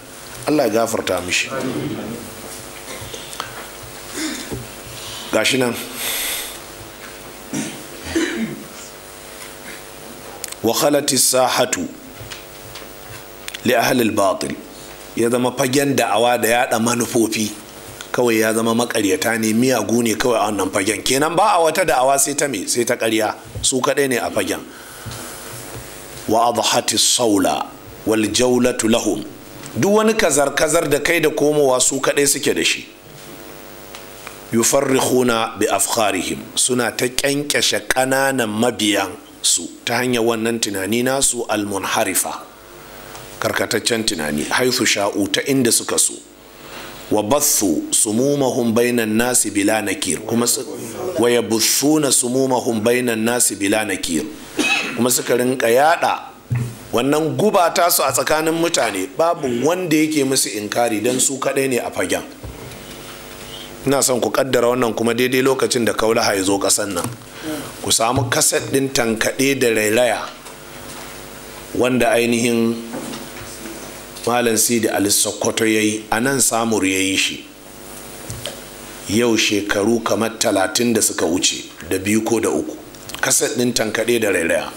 allah ya gafarta mishi gashi nan wa khalati sahatu li ahlil batil ya zama fagen da'awa da yada manufofi kawai ya zama maƙaryata ne miyagu ne kawai a wannan fagen kenan ba'a wata da'awa sai ta me ta karya su kadai ne a fagen wa adhati saula wal lahum duk wani kazar kazar da kai da komowa su kadai suke da shi yufarrikhuna bi afkharihim suna ta kyankyashe ƙananan mabiyan su ta hanyar wannan tunani nasu almunharifa karkataccen tunani haithu sha'u ta inda suka so wa bathu sumumahum bainan nasi bila nakir kuma sumumahum bainan nasi bila nakir kuma suka rinka yada wannan guba su a tsakanin mutane babu wanda yake musu inkari don su kadai ne a fagen ina son ku kaddara wannan kuma daidai lokacin da kaulaha ya zo kasan nan ku samu kaset din tankaɗe da railaya wanda ainihin malam sidi ali sokoto ya yi a nan samur ya yi shi yau shekaru kamar talatin da suka wuce da biyu ko da uku kaset din tankaɗe da railaya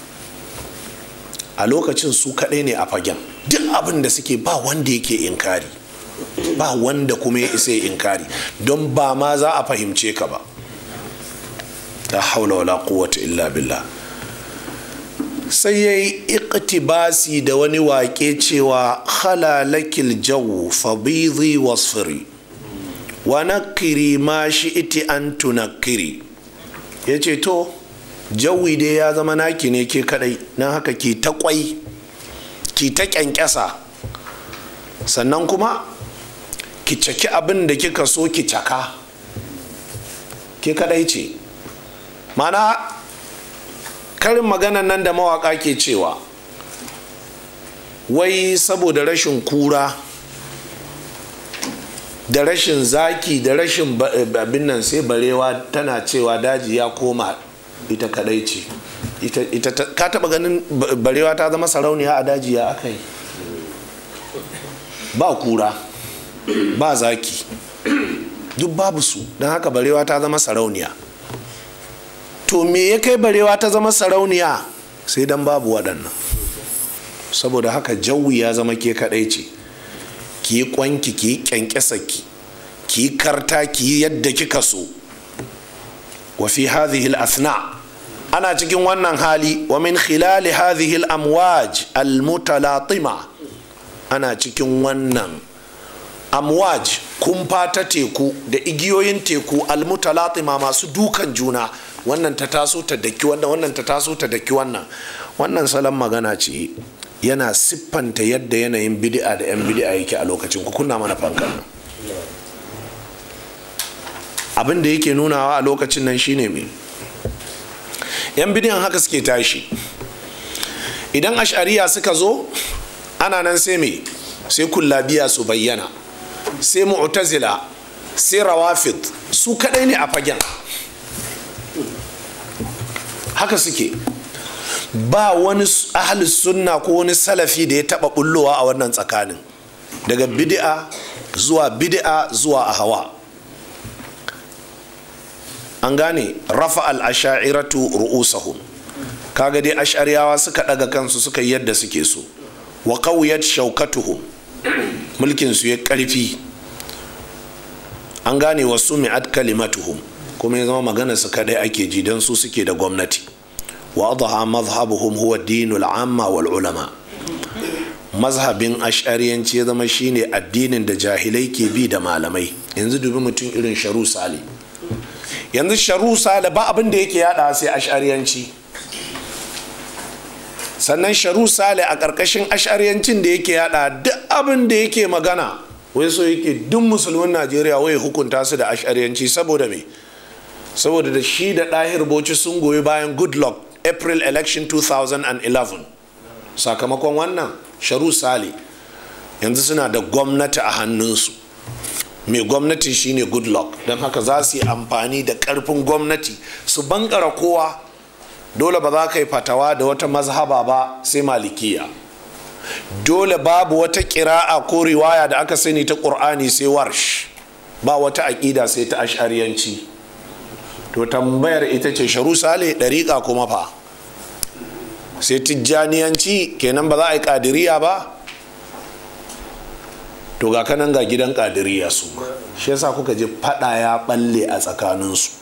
a lokacin su kaɗai ne a fagen duk abin da suke ba wanda yake inkari ba wanda kuma ya isa inkari don ba ma za a fahimce ka ba ta haula wala quwwata illa billa. sai ya yi iktibasi da wani wake cewa halalakil jawu fabidhi wasfiri wa nakiri ma shi iti an tunakiri ya ce to jawi dai ya zama naki ne ke kadai na haka ki ta kwai ki ta kyankyasa sannan kuma ki caki abin da kika so ki caka ke kadai ce mana karin magana nan da mawaka ke cewa wai saboda rashin kura da rashin zaki da rashin abin nan sai barewa tana cewa daji ya koma ita kadai ce ita ka taba ganin barewa ta zama sarauniya a daji ya aka yi ba kura ba zaki duk babu su don haka barewa ta zama sarauniya to me ya kai barewa ta zama sarauniya sai dan babu waɗannan saboda haka jawi ya zama ke kaɗai ce ki yi kwanki ki yi kyankyasaki ki yi karta ki yi yadda kika so wa fi hadhihi al ana cikin wannan hali wa min khilali hadhihi al-amwaj al-mutalatima ana cikin wannan amwaj kun fata teku da igiyoyin teku almutalatima masu dukan juna wannan ta taso ta daki wannan wannan ta taso ta daki wannan wannan salon magana ce yana siffanta yadda yanayin bid'a da 'yan bid'a yake a lokacin ku kunna mana fankan nan abin da yake nunawa a lokacin nan shine me yan bidi'an haka suke tashi idan ashariya suka zo ana nan sai me sai kullabiya su bayyana sai mu'tazila sai rawafid su kadai ne a fagen haka suke ba wani ahli sunna ko wani salafi da ya taba bullowa a wannan tsakanin daga bid'a zuwa bid'a zuwa a hawa an gane rafa al-asha'iratu ru'usahum kaga dai ash'ariyawa suka daga kansu suka yi yadda suke so wa qawiyat shawkatuhum mulkinsu ya ƙarfi an gane wasu adkali kalimatuhum kuma ya zama magana su kadai ake ji don su suke da gwamnati wa adha mazhabuhum huwa dinul amma wal ulama mazhabin ash'ariyanci ya zama shine addinin da jahilai ke bi da malamai yanzu dubi mutum irin sharu sale yanzu sharu sale ba abin da yake yada sai ash'ariyanci sannan sharu sale a ƙarƙashin ashariyancin da yake yada duk abin da yake magana wai so yake duk musulmin najeriya wai hukunta su da ashariyanci saboda me saboda da shi da ɗahir bauchi sun goyi bayan good luck april election 2011 sakamakon wannan sharu sale yanzu suna da gwamnati a hannunsu mai gwamnati shine good luck don haka za su yi amfani da ƙarfin gwamnati su bankara kowa dole ba za ka yi fatawa da wata mazhaba ba sai malikiya dole babu wata kira'a ko riwaya da aka sani ta ƙur'ani sai warsh ba wata aƙida sai ta ashariyanci to tambayar ita ce sharu sale ɗariƙa kuma fa sai tijjaniyanci kenan ba za a yi ƙadiriya ba to ga kanan ga gidan ƙadiriya su ma shi yasa kuka je faɗa ya ɓalle a tsakaninsu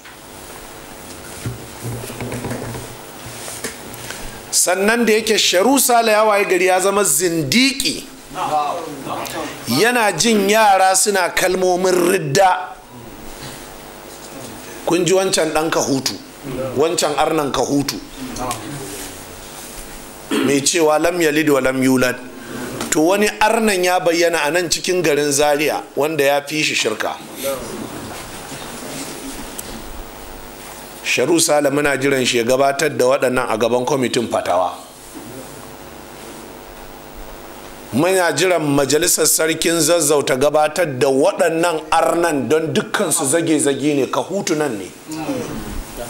sannan da yake sharu sale ya waye gari ya zama zindiki yana jin yara suna kalmomin ridda kun ji wancan dan ka hutu wancan arnan ka hutu mai cewa lam yalid wa lam yulad to wani arnan ya bayyana a nan cikin garin zaria wanda ya fi shi shirka sharu sale muna jiran shi ya gabatar da waɗannan a gaban kwamitin fatawa muna jiran majalisar sarkin zazzauta gabatar da waɗannan arnan don dukkan su zage-zage ne ka hutu nan ne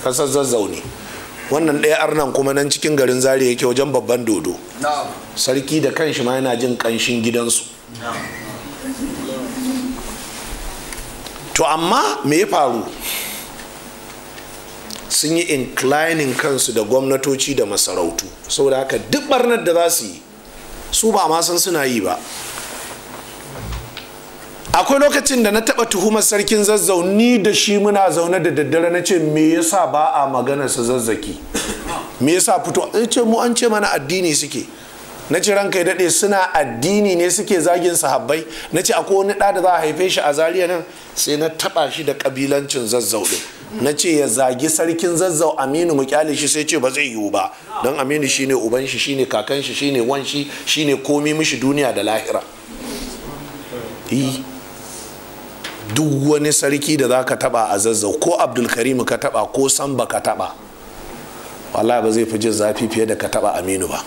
kasar zazzau ne wannan ɗaya arnan kuma nan cikin garin zari yake wajen babban dodo sarki da kanshi ma yana jin ƙanshin gidansu to amma me ya faru sun yi inclining kansu da gwamnatoci da masarautu saboda haka duk barnar da za su yi su ba ma san suna yi ba akwai lokacin da na taɓa tuhumar sarkin zazzau ni da shi muna zaune da daddare na ce me yasa ba a magana su zazzaki me yasa fito ce mu an ce mana addini suke na ce ranka ya daɗe suna addini ne suke zagin sahabbai na ce akwai wani ɗa da za a haife shi a zariya nan sai na taɓa shi da kabilancin zazzau ɗin na ce ya zagi sarkin zazzau aminu mu kyale shi sai ce ba zai yiwu ba don aminu shine uban shi shine kakan shi shine wan shi shine komi mishi duniya da lahira duk wani sarki da za ka taɓa a zazzau ko abdulkarim ka taɓa ko samba ka taba wallahi ba zai fi jin zafi fiye da ka taba aminu ba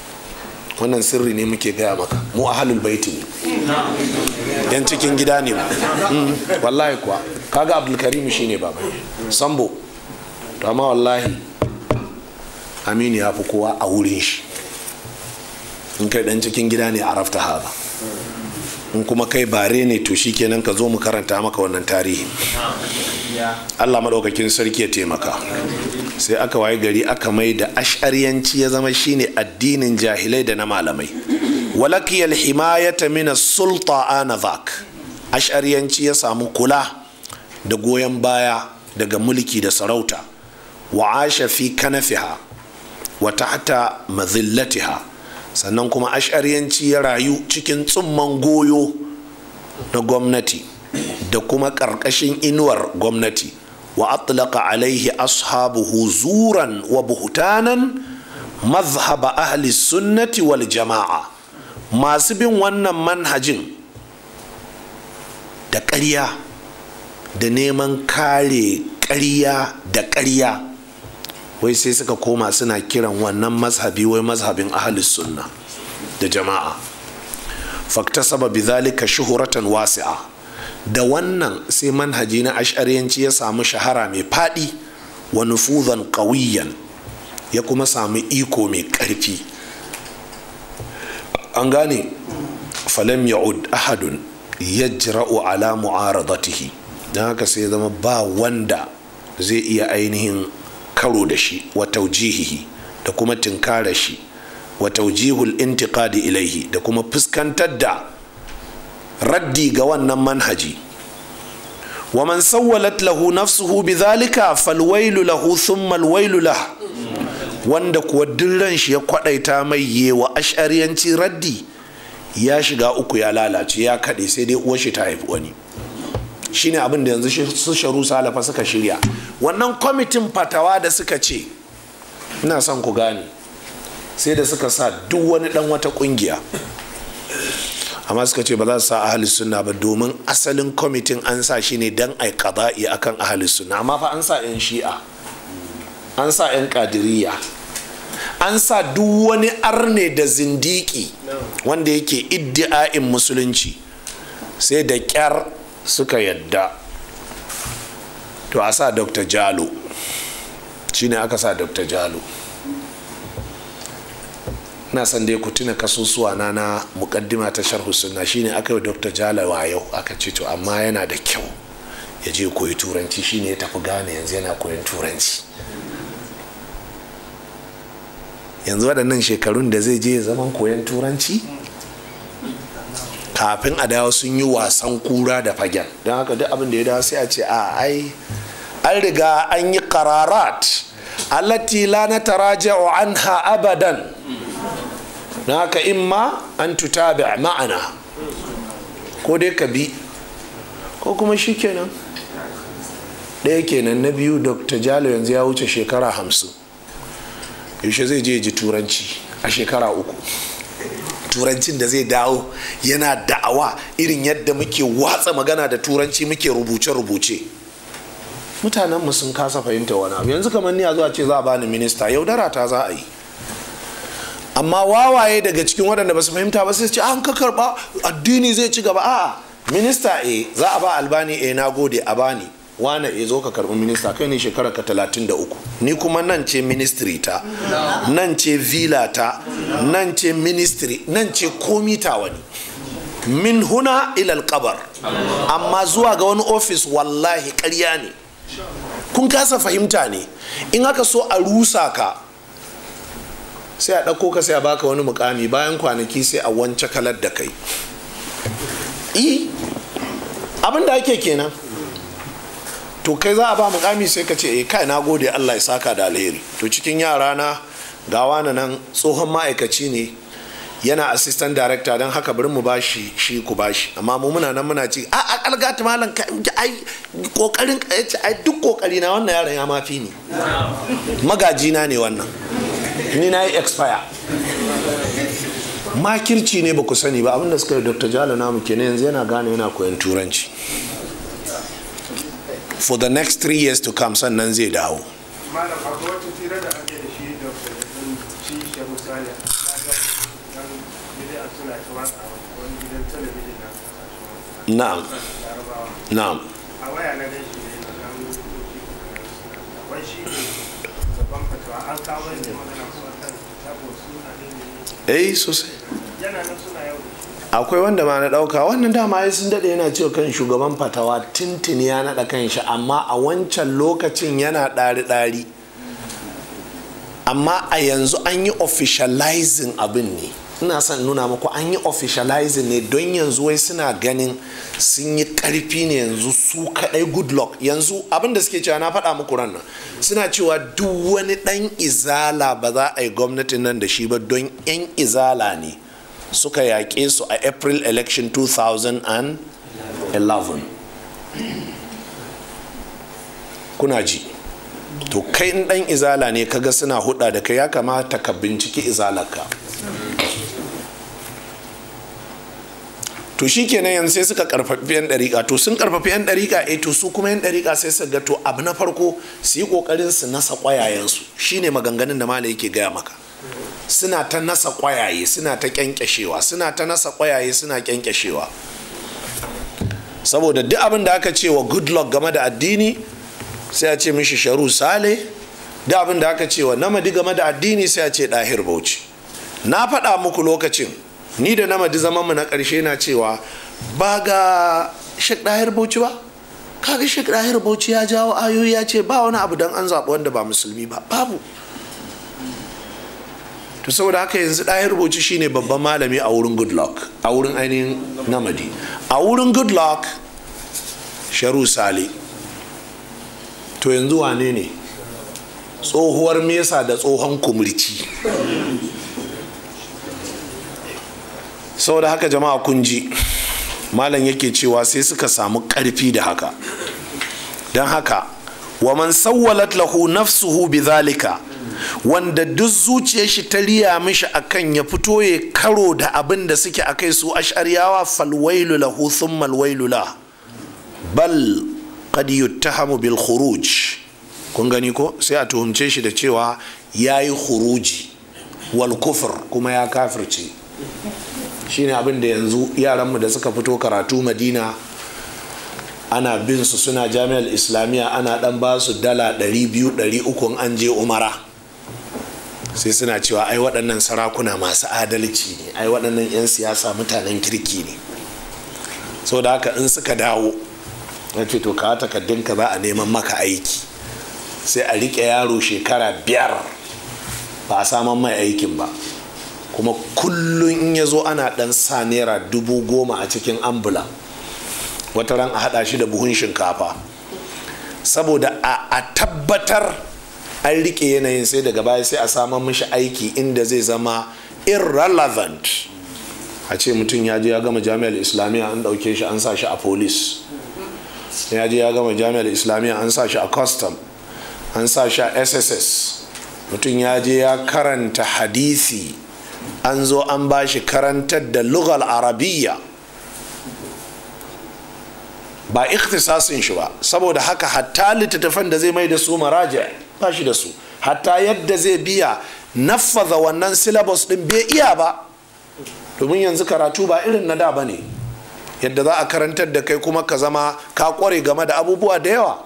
wannan sirri ne muke gaya maka mu a halin baiti ne yan cikin gida ne mu mm. wallahi kuwa kaga abdulkarim shine baba sambo to amma wallahi aminu ya fi kowa a wurin shi in kai dan cikin gida ne a rafta haza in kuma kai bare ne to shi kenan ka zo mu karanta maka wannan tarihi Allah maɗaukakin sarki ya taimaka sai aka waye gari aka mai da ash'ariyanci ya zama shine addinin jahilai da na malamai walakiyar himayata mina sulta anavak ash'ariyanci ya samu kula da goyon baya daga mulki da sarauta wa asha fi kanafiha wa tahta mazillatiha sannan kuma ash'ariyanci ya rayu cikin tsumman goyo na gwamnati da kuma ƙarƙashin inuwar gwamnati wa atlaqa alaihi ashabuhu zuran wa buhutanan mazhaba ahli sunnati wal jama'a masu bin wannan manhajin da ƙarya da neman kare ƙarya da ƙarya wai sai suka koma suna kiran wannan mazhabi wai mazhabin ahli sunna da jama'a faktasaba bi zalika shuhuratan wasi'a da wannan sai manhaji na ash'ariyanci ya samu shahara mai faɗi wa nufuzan ƙawiyan ya kuma samu iko mai ƙarfi an gane falam ya'ud ahadun yajra'u ala mu'aradatihi don haka sai zama ba wanda zai iya ainihin karo da shi wa taujihihi da kuma tinkara shi wa taujihul intiqadi ilaihi da kuma fuskantar da raddi ga wannan manhaji wa man sawwalat lahu nafsuhu bidhalika falwailu lahu thumma alwailu lah wanda kuwa dirran shi ya kwadaita mai yewa ash'ariyanci raddi ya shiga uku ya lalace ya kade sai dai uwar shi ta haifi wani shine abin da yanzu su sharu salafa suka shirya wannan kwamitin fatawa da suka ce ina son ku gane sai da suka sa duk wani dan wata kungiya amma suka ce ba za su sa ahli sunna ba domin asalin kwamitin an sa shi ne don dan ai a akan ahli suna amma fa an sa yan shi'a an sa yan qadiriyya an sa duk wani arne da zindiki wanda yake iddi'a'in musulunci sai da kyar suka yadda to a sa dr jalo shi ne aka sa dr jalo na san dai ku tuna kasusuwa na na mukaddima ta sharhu sunna shine aka yi dr jalawa yau aka ce to amma yana da kyau ya je koyi turanci shine ya tafi gane yanzu yana koyon turanci yanzu waɗannan shekarun da zai je zaman koyon turanci kafin a dawo sun yi wasan kura da fagen don haka duk abin da ya dawo sai a ce a ai an riga an yi kararat allati la na taraja'u anha abadan na haka in ma an tutabi ma'ana ko dai ka bi ko kuma shi kenan ɗaya kenan na biyu dr jalo yanzu ya wuce shekara hamsin yaushe zai je ji turanci a shekara uku turancin da zai dawo yana da'awa irin yadda muke watsa magana da turanci muke rubuce-rubuce mutanenmu sun kasa fahimta wani abu yanzu kamar ni a zuwa ce za a bani minista yaudara ta za a yi amma wawaye daga cikin waɗanda ba su fahimta ba sai ce ah, an ka karɓa addini zai ci gaba a'a minista e za a ba albani e na gode a bani wane e zo ka karɓi minista kai ne shekara ka talatin da uku ni kuma nan ce ministry ta nan ce villa ta nan ce ministry nan ce komi ta wani min huna ilal kabar amma zuwa ga wani ofis wallahi karya ne kun kasa fahimta ne in aka so a rusa ka sai a ɗauko ka sai a baka wani mukami bayan kwanaki sai a wance kalar da kai i abin da ake kenan to kai za a ba mukami sai ka ce eh kai na gode Allah ya saka da alheri to cikin yara na gawa na nan tsohon ma'aikaci ne yana assistant director don haka bari mu bashi shi ku bashi amma mu muna nan muna ci a algati malam ka ai kokarin ai duk kokari na wannan yaron ya mafi ni magaji na ne wannan ni na yi expire makirci ne ba ku sani ba abinda suka yi dr jalo namu kenan yanzu yana gane yana koyon turanci for the next three years to come sannan zai dawo na'am na eh sosai akwai wanda ma na dauka wannan dama ya sun dade yana cewa kan shugaban fatawa tintin ya naɗa kan shi amma a wancan lokacin yana ɗari-ɗari amma a yanzu an yi officializing abin ne ina son nuna muku an yi officializing ne don yanzu wai suna ganin sun yi karfi ne yanzu su kadai good luck yanzu abinda suke cewa na faɗa muku ran nan suna cewa duk wani ɗan izala ba za a yi gwamnatin nan da shi ba don 'yan izala ne suka yaƙe su a april election 2011 kuna ji to kai ɗan izala ne kaga suna huɗa da kai ya kamata ka binciki izalarka to shikenan yanzu sai suka karfafi yan dariƙa to sun karfafi yan dariƙa eh to su kuma yan dariƙa sai su ga to abu na farko su yi kokarin su nasa kwayayensu shine maganganun da malai yake gaya maka suna ta nasa kwayaye suna ta kyankyashewa suna ta nasa kwayaye suna kyankyashewa saboda duk abin da aka ce wa good luck game da addini sai a ce mishi sharu sale duk abin da aka ce wa namadi game da addini sai a ce ɗahir bauchi na faɗa muku lokacin ni da na madi zama mu na ƙarshe na cewa ba ga shek ɗahir bauchi ba kaga shek ɗahir bauchi ya jawo ayoyi ya ce ba wani abu don an zaɓi wanda ba musulmi ba babu to saboda haka yanzu ɗahir bauchi shine babban malami a wurin good luck a wurin ainihin namadi a wurin good luck sharu sale to yanzu wane ne tsohuwar mesa da tsohon kumurci saboda haka jama'a kunji malam yake cewa sai suka samu karfi da haka don haka wa man sawwalat lahu nafsuhu bi zalika wanda duk zuciyar shi ta riya mishi akan ya fito ya karo da abin da suke kai su ash'ariyawa falwailu lahu thumma alwailu la bal qad yuttahamu bil khuruj kun gani ko sai a tuhumce shi da cewa yayi khuruji wal kufr kuma ya kafirce shine abin da yanzu yaranmu da suka fito karatu madina ana bin su suna jami'ar islamiyya ana dan ba su dala 200-300 an je umara sai suna cewa ai waɗannan sarakuna masu adalci ne ai waɗannan 'yan siyasa mutanen kirki ne sau da haka in suka dawo na ce to ka ka ba a neman maka aiki sai a riƙe yaro shekara biyar ba a saman mai aikin ba kuma kullum in ya zo ana dan sa naira dubu goma a cikin ambula wata ran a haɗa shi da buhun shinkafa saboda a tabbatar an rike yanayin sai daga baya sai a samar mishi aiki inda zai zama irrelevant a ce mutum ya je ya gama jami'ar islamiyya an dauke shi an sa shi a police ya je ya gama jami'ar islamiyya an sa shi a custom an sa shi a sss mutum ya je ya karanta hadisi an zo an ba shi karantar da lugal arabiya ba ikhtisasin shi ba saboda haka hatta littattafan da zai mai da su maraja ba shi da su hatta yadda zai biya naffaza wannan syllabus din bai iya ba domin yanzu karatu ba irin na da ba ne yadda za a karantar da kai kuma ka zama ka kware game da abubuwa da yawa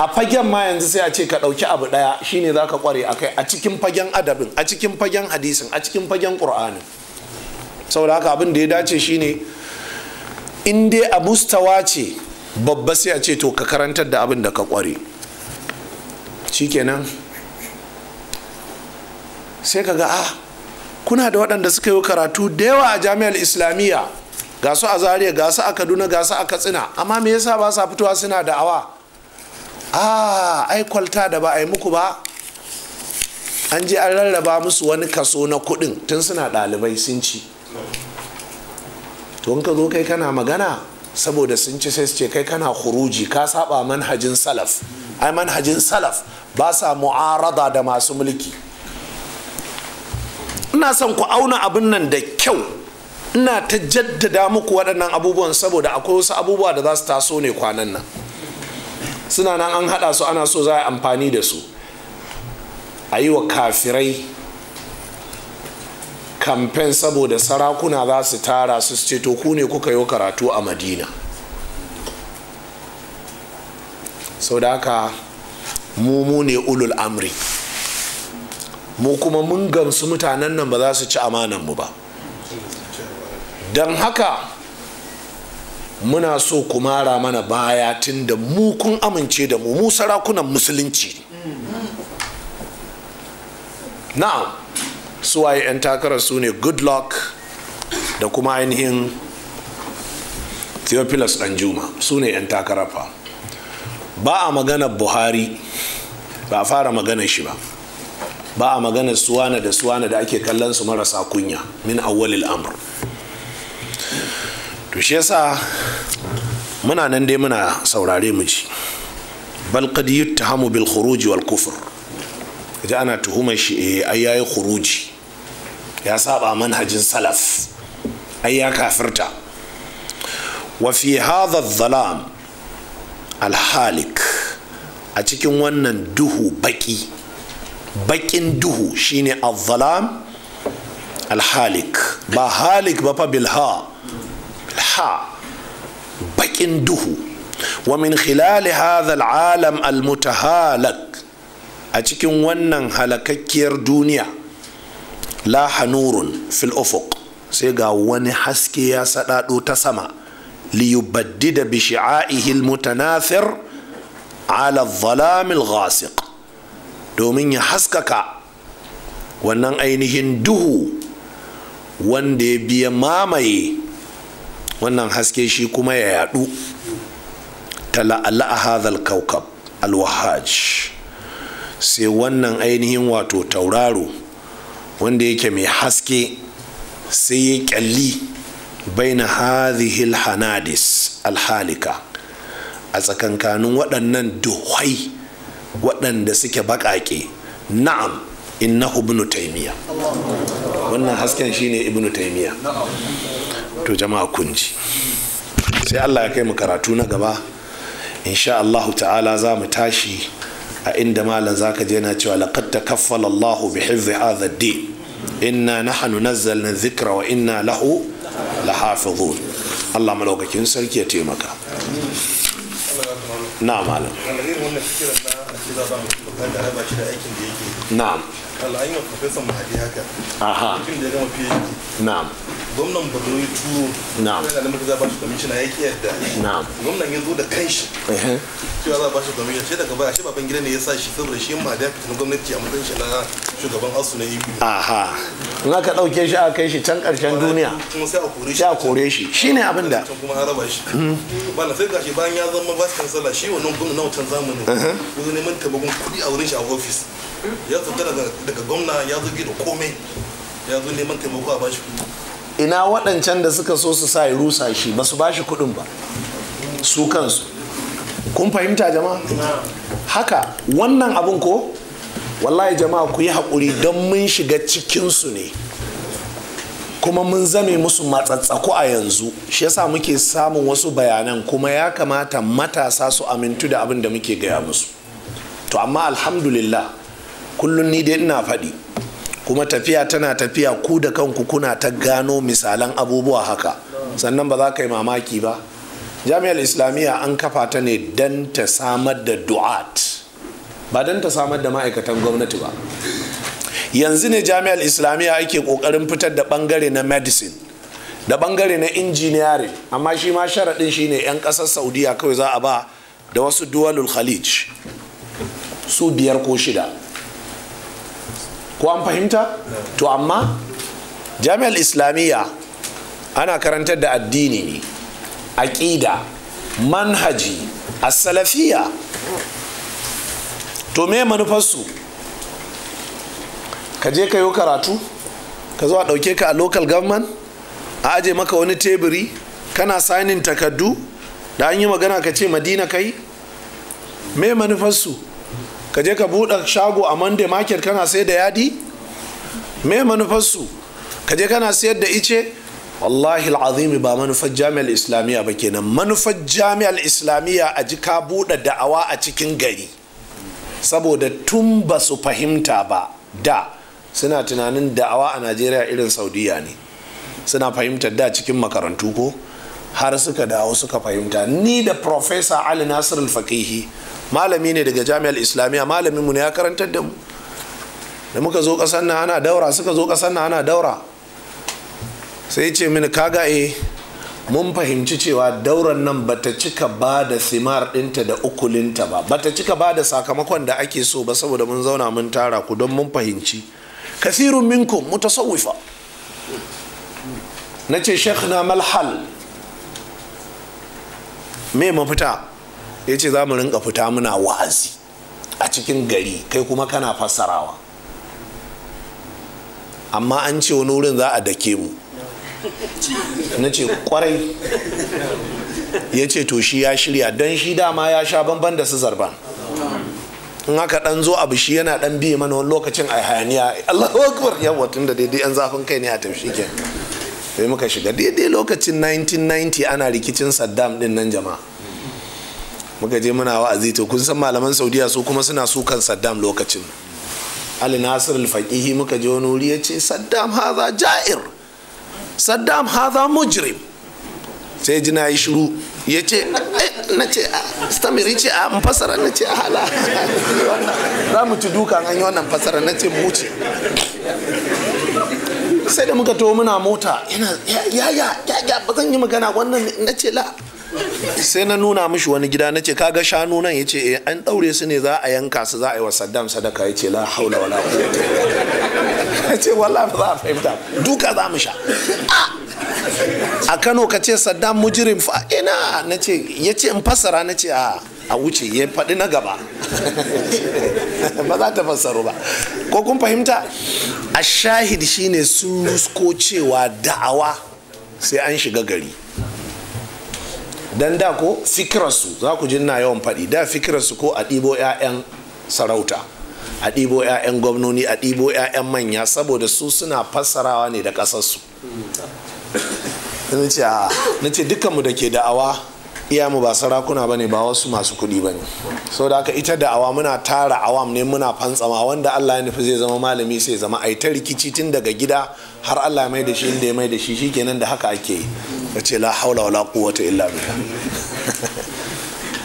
a fagen ma yanzu sai a ce ka ɗauki abu ɗaya shine za ka ƙware a kai a cikin fagen adabin a cikin fagen hadisin a cikin fagen ƙur'anin saboda haka abin da ya dace shine in dai a mustawa ce babba sai a ce to ka karantar da abin da ka ƙware shikenan sai ka ga a ah, kuna da waɗanda suka yi karatu da yawa a jami'ar islamiyya ga a zaria ga a kaduna ga a katsina amma me yasa ba sa fitowa suna da'awa a ah, ai kwalta da ba a yi muku ba an je an rarraba musu wani kaso na kudin tun suna ɗalibai sun ci to in ka zo kai kana magana saboda sun ci sai su ce kai kana huruji ka saba manhajin salaf ai manhajin salaf ba sa mu'arada da masu mulki ina son ku auna abin nan da kyau ina ta jaddada muku waɗannan abubuwan saboda akwai wasu abubuwa da za su taso ne kwanan nan suna nan an haɗa su ana so za a amfani da su a yi wa kafirai kamfen saboda sarakuna za su tara su ce to ku ne kuka yi karatu a madina sau da haka mu ne ulul amri mu kuma mun gamsu mutanen nan ba za su ci amanan mu ba don haka muna so ku mara mana baya tun da mu kun amince da mu mu sarakunan musulunci na'am suwaye 'yan takarar su ne good luck da kuma ainihin theophilus danjuma su ne 'yan takarar fa ba a magana buhari ba a fara magana shi ba ba a magana suwana da suwana da ake kallon su marasa kunya min awwalil amr to shi yasa muna nan dai muna saurare mu ji bal qad yuttahamu bil khuruj wal kufr idan ana tuhumar shi eh ai yayi khuruji ya saba manhajin salaf ai ya kafirta wa fi hadha dhalam alhalik a cikin wannan duhu baki bakin duhu shine al-dhalam alhalik ba halik ba fa bilha madha bakin duhu wa min khilali hadha al'alam almutahalak a cikin wannan halakakkiyar duniya la fil ufuq sai ga wani haske ya sadado ta sama liyubaddida bi shi'a'ihi almutanathir ala adh domin ya haskaka wannan ainihin duhu wanda ya biya mamaye wannan haske shi kuma ya yadu tala'ala hadhal kaukab alwahaj sai wannan ainihin wato tauraro wanda yake mai haske sai ya kyalli baina hadhil hanadis alhalika a tsakankanin waɗannan duhai waɗanda suke baƙaƙe na'am innahu ibnu taymiya wannan hasken shine ibnu taymiya wato jama'a kunji sai allah ya kai mu karatu na gaba insha allahu ta'ala za mu tashi a inda malam zaka je na cewa laqad takaffala allahu bi hifzi hadha din inna nahnu nazzalna dhikra wa inna lahu lahafizun allah malaukakin sarki ya taimaka na malam al'ayin wa professor mahadi haka aha lokacin da ya gama phd na'am gwamnan borno ya turo na'am yana da muka za ba bashi kwamishina ya ki yadda na'am gwamnan ya zo da kanshi cewa za a ba shi kwamishina sai daga baya shi baban gida ne ya sa shi saboda shi mahadi ya fitin gwamnati a matsayin shi na shugaban asu na ibu e aha in aka ɗauke shi aka kai shi can karshen duniya kuma sai a kore shi a kore shi ne abin da kuma an raba shi hmm. ba na sai shi bayan ya zama vice chancellor shi wannan gwamnan na wancan zamanin yanzu neman taimakon kuɗi a wurin shi a office ya fita daga gwamna ya zo gida komai ya zo neman taimako a bashi kuɗi ina waɗancan da suka so su sa rusa shi ba su bashi kuɗin ba su kansu kun fahimta jama'a haka wannan abin ko wallahi jama'a ku yi haƙuri don mun shiga cikinsu ne kuma mun zame musu matsatsaku a yanzu shi yasa muke samun wasu bayanan kuma ya kamata matasa su amintu da abin da muke gaya musu to amma alhamdulillah kullum ni dai ina faɗi kuma tafiya tana tafiya ku da kanku kuna ta gano misalan abubuwa haka sannan ba za ka yi mamaki ba jami'ar islamiyya an kafa ta ne don ta samar da du'at ba don ta samar da ma'aikatan gwamnati ba yanzu ne jami'ar islamiyya ake kokarin fitar da bangare na medicine da bangare na engineering amma shi ma sharaɗin shine 'yan ƙasar saudiya kawai za a ba da wasu duwalul khalij su biyar ko shida ko an fahimta to amma jami'ar islamiyya ana karantar da addini ne aƙida manhaji asalafiya to me manufarsu ka je ka yi karatu ka zo a ɗauke ka a local government a aje maka wani teburi kana sanin takardu da an yi magana ka ce madina kai me manufarsu ka je ka buɗe shago a monday market kana sai da yadi me manufarsu ka je kana sayar da ice wallahi al'azimi ba manufar jami'ar islamiyya ba kenan manufar jami'ar islamiyya a ji ka buɗe da'awa a cikin gari saboda tun ba su fahimta ba da suna tunanin da'awa a najeriya irin saudiya ne suna fahimtar da cikin makarantu ko har suka dawo suka fahimta ni da professor ali nasir al-fakihi malami ne daga jami'ar islamiyya malamin mu ne ya karantar da mu da muka zo kasar nan ana daura suka zo kasar nan ana daura sai ce mini kaga e eh, mun fahimci cewa dauran nan bata cika ba da simar dinta da ukulinta ba bata cika ba da sakamakon da ake so ba saboda mun zauna mun tara ku don mun fahimci kasirun minkum mutasawwifa na ce shekh na malhal me mafita ya ce za mu rinka fita muna wa'azi a cikin gari kai kuma kana fassarawa amma an ce wani wurin za a dake mu na ce kwarai ya ce to shi ya shirya don shi dama ya sha bamban da su zarban in haka dan zo abu shi yana dan biye mana wani lokacin a hayaniya Allah akbar yawa tun da daidai an zafin kai ne a tafi ke sai muka shiga daidai lokacin 1990 ana rikicin Saddam din nan jama'a muka je muna wa'azi to kun san malaman saudiya su kuma suna su kan saddam lokacin ali nasir al-faqihi muka je wani wuri ya ce saddam haza ja'ir saddam haza mujrim sai ji na yi shiru ya ce eh, na ce a ah, stamiri ce a ah, fasara na ce a ah, hala za mu ci duka an yi wannan fasara na ce mu ce sai da muka to muna mota ya ya ya ya ba zan yi magana wannan na ce la sai na nuna mishi wani gida na ce kaga shanu nan ya ce eh, an ɗaure su ne za a yanka su za a yi wa saddam sadaka ya ce la haula wala ya ce wala za a fahimta duka za mu sha ah! a kano ka ce saddam mujirin fa ina na ce ya ce in fassara na ce a a wuce ya faɗi na gaba ba za ta fassaru ba ko kun fahimta a shahid shine sun rusko cewa da'awa sai an shiga gari dan da ko fikirarsu za ku jinna yawan faɗi da fikirarsu ko a ɗibo 'ya'yan sarauta a ɗibo 'ya'yan gwamnoni a ɗibo 'ya'yan manya saboda su suna fassarawa ne da ƙasarsu mm. na ce dukkanmu da ke da'awa iyamu ba sarakuna bane ba wasu masu kuɗi bane so da aka ita da'awa muna tara awam ne muna fantsama wanda Allah ya nufi zai zama malami sai zama ai ta rikici tun daga gida har Allah mai da shi inda ya mai da shi shikenan da haka ake yi ce la haula wala quwwata illa billah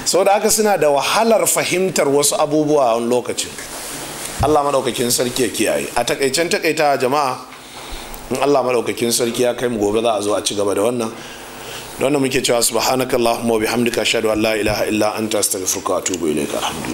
so da haka suna da wahalar fahimtar wasu abubuwa a lokacin Allah madaukakin sarki ya kiyaye a takaicen takaita jama'a in Allah madaukakin sarki ya kai mu gobe za a zo a ci gaba da wannan don da muke cewa subhanakallahumma wa bihamdika ashhadu an la ilaha illa an anta astaghfiruka wa atubu ilaika alhamdulillah